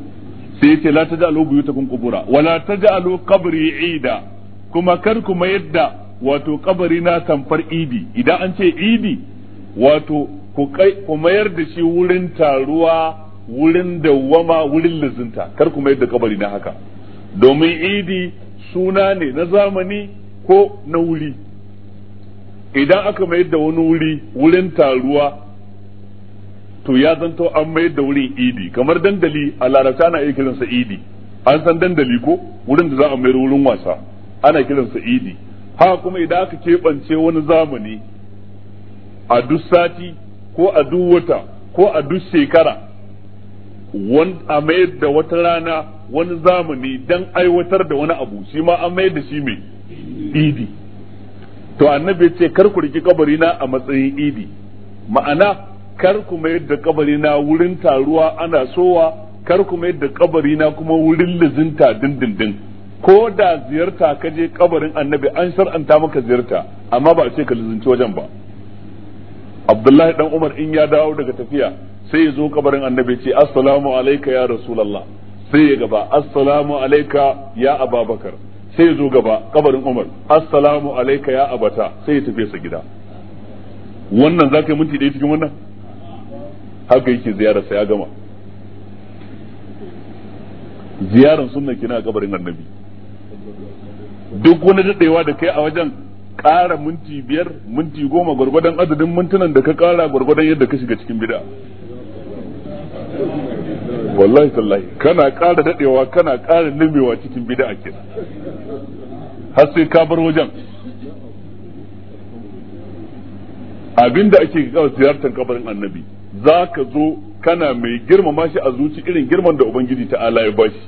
A: sai yace la taj'alu buyutakum qubura wa la taj'alu qabri ida kuma kar ku mayar da wato kabari na tamfar idi idan an ce idi wato ku mayar da shi wurin taruwa wurin dawwama wurin lizinta kar ku mai da kabari na haka domin idi suna ne na zamani ko na wuri idan aka mai da wani wuri wurin taruwa to ya zanto an mai da wurin idi kamar dandali a larabta na iya kiransa idi an san dandali ko wurin da za a mayar wurin wasa ana kiransa idi ha kuma idan aka keɓance wani zamani a duk sati ko a duk wata ko a duk shekara a mayar da wata rana wani zamani don aiwatar da wani abu shi ma an mayar da shi mai idi to annabi ce kar ku riki kabarina a matsayin idi ma'ana kar ku mayar da kabarina na wurin taruwa ana sowa kar ku mayar da kabarina kuma wurin lizinta dindindin ko da ziyarta ka je kabarin annabi an shar'anta maka ziyarta amma ba a ce ka lizinci wajen ba abdullahi dan umar in ya dawo daga tafiya sai ya zo kabarin annabi ce assalamu alayka ya rasulullah sai ya gaba assalamu alayka ya ababakar sai ya zo gaba kabarin umar assalamu alayka ya abata sai ya tafi sa gida wannan ka yi minti ɗaya cikin wannan haka yake ziyarar sa ya gama ziyarar sunna kina a kabarin annabi duk wani daɗewa da kai a wajen ƙara minti biyar minti goma gwargwadon adadin mintunan da ka ƙara gwargwadon yadda ka shiga cikin bid'a wallahi sallahi kana ƙara daɗewa kana ƙara nimewa cikin bid'a kenan har sai ka bar wajen abinda ake ga ziyartar kabarin annabi za ka zo kana mai girmama shi a zuci irin girman da ubangiji ta ala ya bashi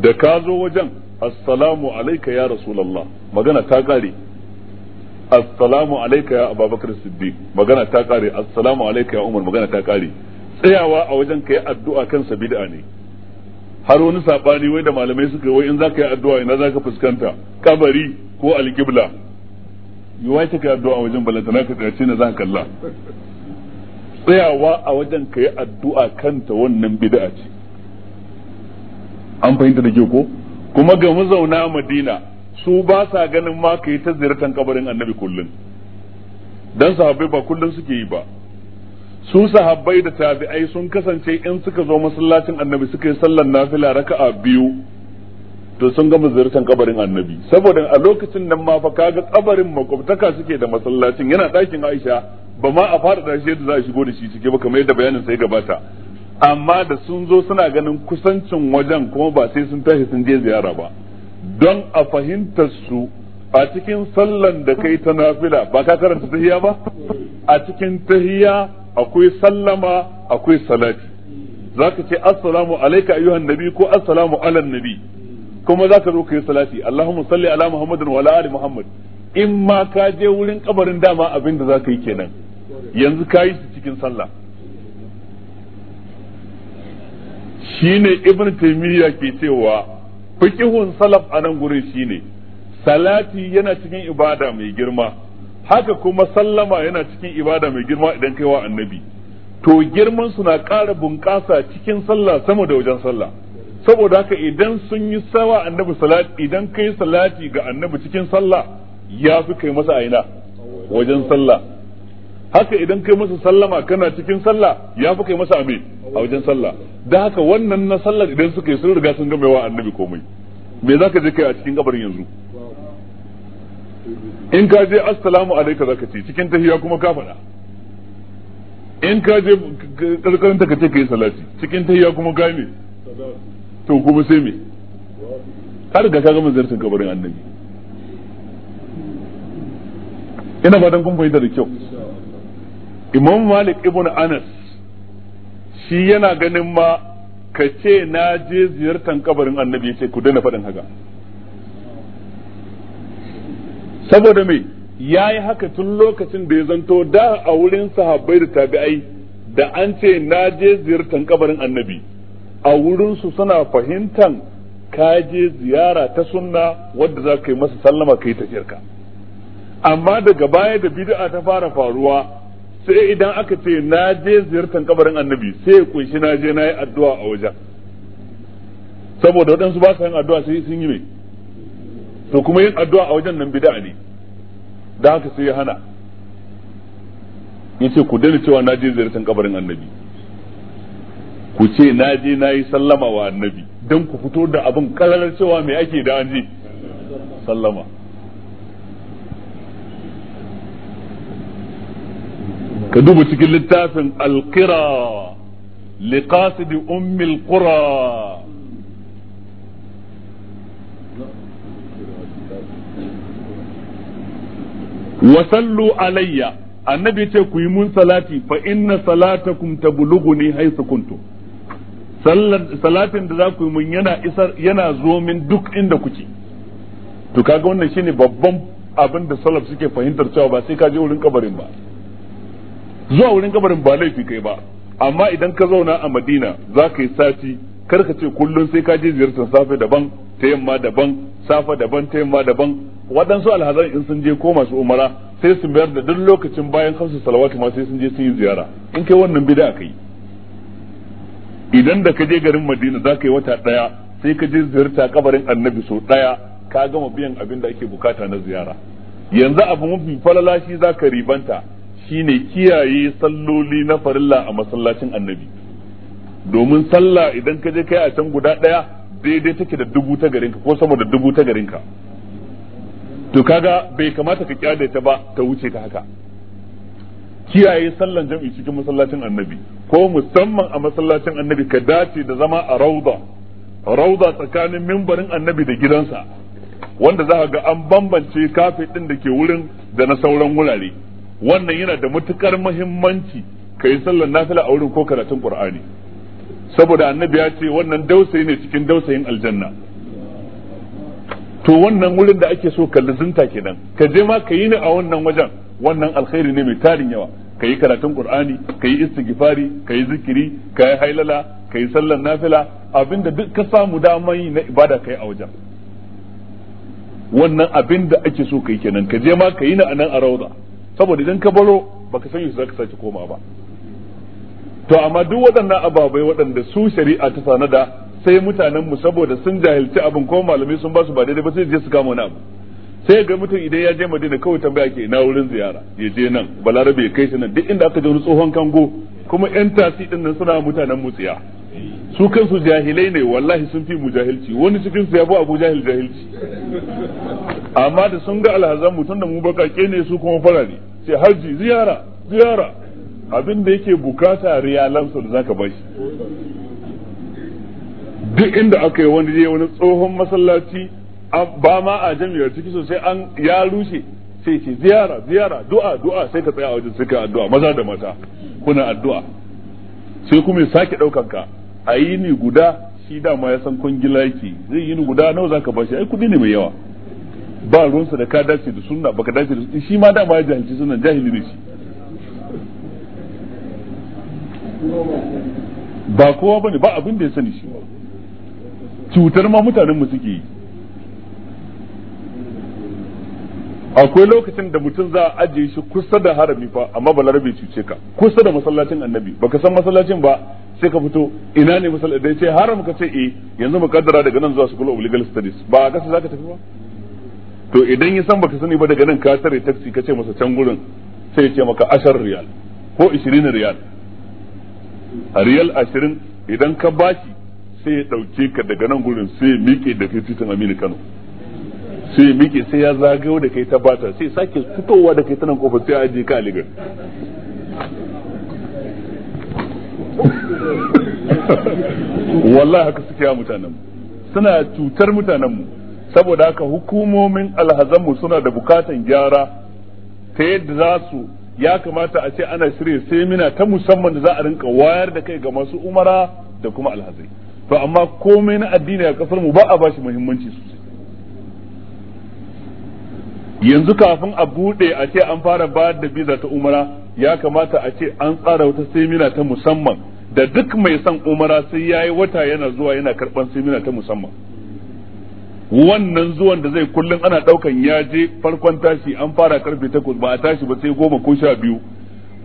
A: da ka zo wajen assalamu alaika ya rasulallah magana ta kare assalamu alaika ya ababakar siddiq magana ta kare assalamu alaika ya umar magana ta kare tsayawa a wajen kai addu'a kansa bid'a ne har wani sabani wai da malamai suka wai in za ka yi addu'a ina ka fuskanta kabari ko alqibla yiwa ka yi addu'a a wajen na ka tsaye na zaka kalla tsayawa a wajen kai addu'a kanta wannan bid'a ce an fahimta da ke ko kuma ga mazauna madina su ba sa ganin ma ka yi ta ziyartar kabarin annabi kullum dan sahabbai ba kullum suke yi ba su sahabbai da tabi'ai sun kasance in suka zo masallacin annabi suka yi sallar nafila raka'a biyu to sun gama ziyartar kabarin annabi saboda a lokacin nan ma fa kaga kabarin makwabtaka suke da masallacin yana ɗakin Aisha ba ma a fara da shi yadda za a shigo da shi cike ba kamar yadda bayanin sai gabata amma da sun zo suna ganin kusancin wajen kuma ba sai sun tashi sun je ziyara ba don a fahimtar su a cikin sallan da kai ta nafila ba ka karanta tahiya ba a cikin tahiya akwai sallama akwai salati zaka ce assalamu alayka ayyuhan nabi ko assalamu ala nabi kuma zaka zo kai salati allahumma salli ala muhammadin wa ali muhammad in ma ka je wurin kabarin dama abin da zaka yi kenan yanzu ka yi shi cikin sallah shine ibn taymiya ke cewa fiqhun salaf anan gurin shine salati yana cikin ibada mai girma haka kuma sallama yana cikin ibada mai girma idan kai wa annabi to girman su na ƙara bunƙasa cikin sallah sama da wajen sallah saboda haka idan sun yi sawa annabi salati idan kai salati ga annabi cikin sallah ya fi kai masa aina wajen sallah haka idan kai masa sallama kana cikin sallah ya fi kai masa ame a wajen sallah da haka wannan na sallar idan suka yi sun riga sun gama wa annabi komai me zaka je kai a cikin kabarin yanzu in ka je assalamu alaika zaka ce cikin tahiyya kuma ka faɗa in ka je karkarin ka ce ka yi salati cikin tahiyya kuma ka me to kuma sai me har ga ka gama zartin kabarin annabi ina fatan kun fahimta da kyau imam malik ibn anas shi yana ganin ma ka ce na je ziyartar kabarin annabi ya ce ku daina faɗin haka saboda mai ya yi haka tun lokacin da ya zanto da a wurin sahabbai da tabi'ai da an ce na je ziyartar kabarin annabi a wurinsu suna fahimtan ka je ziyara ta sunna wadda za ka yi masa sallama ka yi tafiyarka amma daga baya da bid'a ta fara faruwa sai idan aka ce na je ziyartar kabarin annabi sai ya kunshi na je na yi addu'a a wajen saboda waɗansu ba su yin addu'a sai sun yi mai to kuma yin addu'a a wajen nan bid'a ne da haka sai ya hana yace ku dani cewa na je ziyartar kabarin annabi ku ce na je na yi sallama wa annabi don ku fito da abin kalalar cewa mai ake da an je sallama ka duba cikin littafin alkira liqasidi ummil qura wa alayya annabi ce ku yi mun salati fa inna salatakum tabluguni haythu kuntu salatin da za ku yi mun yana isar yana zo min duk inda kuke to kaga wannan shine babban abin da salaf suke fahimtar cewa ba sai ka je wurin kabarin ba zuwa wurin kabarin ba laifi kai ba amma idan ka zauna a Madina za ka yi sati kar ka ce kullum sai ka je ziyartar safe daban ta yamma daban safa daban ta yamma daban waɗansu alhazan in sun je ko masu umara sai su bayar da duk lokacin bayan kansu salawatu ma sai sun je sun yi ziyara in kai wannan bid'a kai idan da ka je garin Madina za ka yi wata ɗaya sai ka je ziyarta kabarin Annabi sau ɗaya ka gama biyan abin da ake bukata na ziyara yanzu abu mafi falala shi za ka ribanta shine kiyaye salloli na farilla a masallacin Annabi domin sallah idan ka je kai a can guda ɗaya daidai take da dubu ta garinka ko sama da dubu ta garinka to kaga bai kamata ka kyale ta ba ta wuce ta haka kiyaye sallan jam'i cikin masallacin annabi ko musamman a masallacin annabi ka dace da zama a rauda rauda tsakanin mimbarin annabi da gidansa wanda za ga an bambance kafe din da ke wurin da na sauran wurare wannan yana da matukar muhimmanci ka yi sallan nafila a wurin ko karatun qur'ani saboda annabi ya ce wannan dausayi ne cikin dausayin aljanna to wannan wurin da ake so ka lazunta kenan ka je ma ka yi ni a wannan wajen wannan alkhairi ne mai tarin yawa ka yi karatun qur'ani ka yi istighfari ka yi zikiri ka yi hailala ka yi sallar nafila abinda duk ka samu dama yi na ibada ka yi a wajen wannan abin da ake so ka yi kenan ka je ma ka yi ni a nan a rauda saboda idan ka baro baka san za ka sake koma ba to amma duk waɗannan ababai waɗanda su shari'a ta sanada sai mutanen mu saboda sun jahilci abin ko malamai sun ba su ba daidai ba sai je su kama wani abu sai ga mutum idan ya je madina kawai tambaya ke na wurin ziyara ya je nan balarabe ya kai shi nan duk inda aka je wani tsohon kango kuma yan tasi din nan suna mutanen mu tsiya su kansu jahilai ne wallahi sun fi mu jahilci wani cikin su ya fi abu jahil jahilci amma da sun ga alhazan mu tunda mu bakake ne su kuma farare sai haji ziyara ziyara abin da yake bukata su da zaka bashi duk inda aka yi wani wani tsohon masallaci ba ma a jami'ar ciki sosai an ya rushe sai ce ziyara ziyara du'a du'a sai ka tsaya a wajen suka addu'a maza da mata kuna addu'a sai kuma ya sake ɗaukanka ka a yi ni guda shi dama ya san kwangila yake zai yi ni guda nawa zaka bashi ai kudi ne mai yawa ba ruwansa da ka dace da sunna baka dace da shi ma dama ya jahilci sunan jahili ne shi ba kowa bane ba abin da ya sani shi ba cutar ma mutanenmu suke yi akwai lokacin da mutum za a ajiye shi kusa da harami fa amma larabe cuce ka kusa da masallacin annabi baka san masallacin ba sai ka fito ina ne masallacin dai ce haram ka ce eh yanzu mukaddara daga nan zuwa school of legal studies ba a kasa zaka tafi ba to idan ya san baka sani ba daga nan ka tare taxi ka ce masa can gurin sai ya ce maka 10 riyal ko 20 riyal a riyal 20 idan ka bashi sai ya ɗauke ka daga nan gurin sai ya miƙe da kai titin aminu kano sai ya miƙe sai ya zagayo da kai ta bata sai sake fitowa da kai ta nan kofar sai ajiye ka a ligar wallahi haka suke ya mutanen mu suna cutar mutanen mu saboda haka hukumomin alhazanmu suna da bukatan gyara ta yadda za su ya kamata a ce ana shirya semina ta musamman da za a rinka wayar da kai ga masu umara da kuma alhazai to amma komai na addini a kasar mu ba a bashi muhimmanci sosai yanzu kafin a bude a ce an fara bayar da biza ta umara ya kamata a ce an tsara wata semina ta musamman da duk mai son umara sai ya yi wata yana zuwa yana karban semina ta musamman wannan zuwan da zai kullum ana daukan ya je farkon tashi an fara karfe takwas ba a tashi ba sai goma ko sha biyu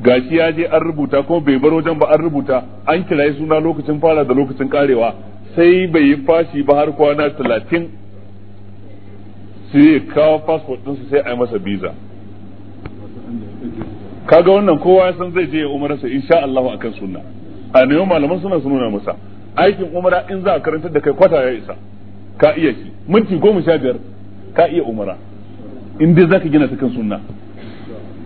A: gashi ya je an rubuta kuma bai bar wajen ba an rubuta an kirayi suna lokacin fara da lokacin karewa sai bai yi fashi ba har kwana talatin su yi kawo fasfot ɗinsu sai a yi masa biza kaga wannan kowa ya san zai je ya umarsa insha Allahu akan sunna a neman malaman suna su nuna masa aikin umara in za a karanta da kai kwata ya isa ka iya shi minti goma sha biyar ka iya umara in dai zaka gina ta kan sunna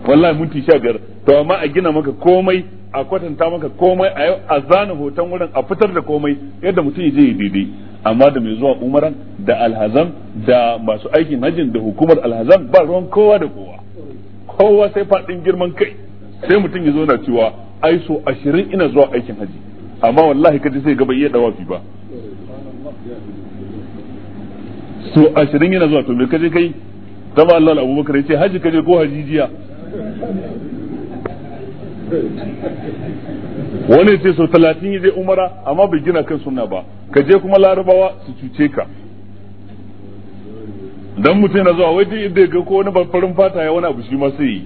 A: wallahi minti sha biyar to amma a gina maka komai a kwatanta maka komai a yau a zana hoton wurin a fitar da komai yadda mutum ya je ya daidai amma da mai zuwa umaran da alhazan da masu aikin hajjin da hukumar alhazan ba ruwan kowa da kowa kowa sai faɗin girman kai sai mutum ya zo na cewa ai so ashirin ina zuwa aikin haji amma wallahi kaji sai gaba iya dawafi ba so ashirin ina zuwa to me kaje kai taba Allah abubakar ya ce haji kaje ko hajijiya wani ce sau talatin ya je umara amma bai gina kan suna ba ka je kuma larabawa su cuce ka dan mutum na zuwa wai inda ga ko wani farin fata ya wani abu shi ma sai yi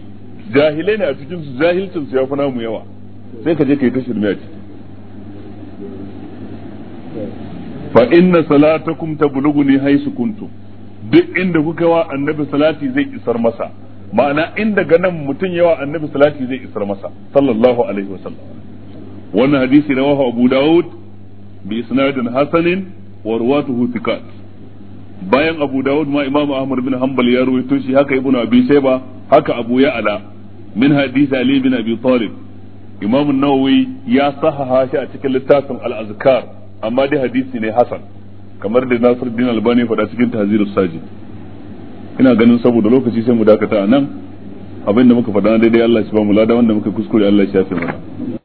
A: jahilai ne a cikin su jahilcin su ya fi namu yawa sai ka je ka yi ta shirme a ciki fa inna salatakum tablughuni haisu kuntum duk inda kuka wa annabi salati zai isar masa ma'ana inda daga nan mutum yawa annabi salati zai isar masa sallallahu alaihi wasallam wannan hadisi rawahu abu Dawud bi isnadin hasanin wa ruwatuhu thiqat bayan abu Dawud ma imam ahmad bin hanbal ya rawaito shi haka ibnu abi shayba haka abu ya'la min hadisi ali bin abi talib imam an-nawawi ya sahaha shi a cikin littafin al-azkar amma dai hadisi ne hasan kamar da nasiruddin albani faɗa cikin tahzirus sajid ina ganin saboda lokaci sai mu dakata a nan abinda muka faɗa daidai Allah shi ba mu lada wanda muka kuskure Allah shi ya fi mana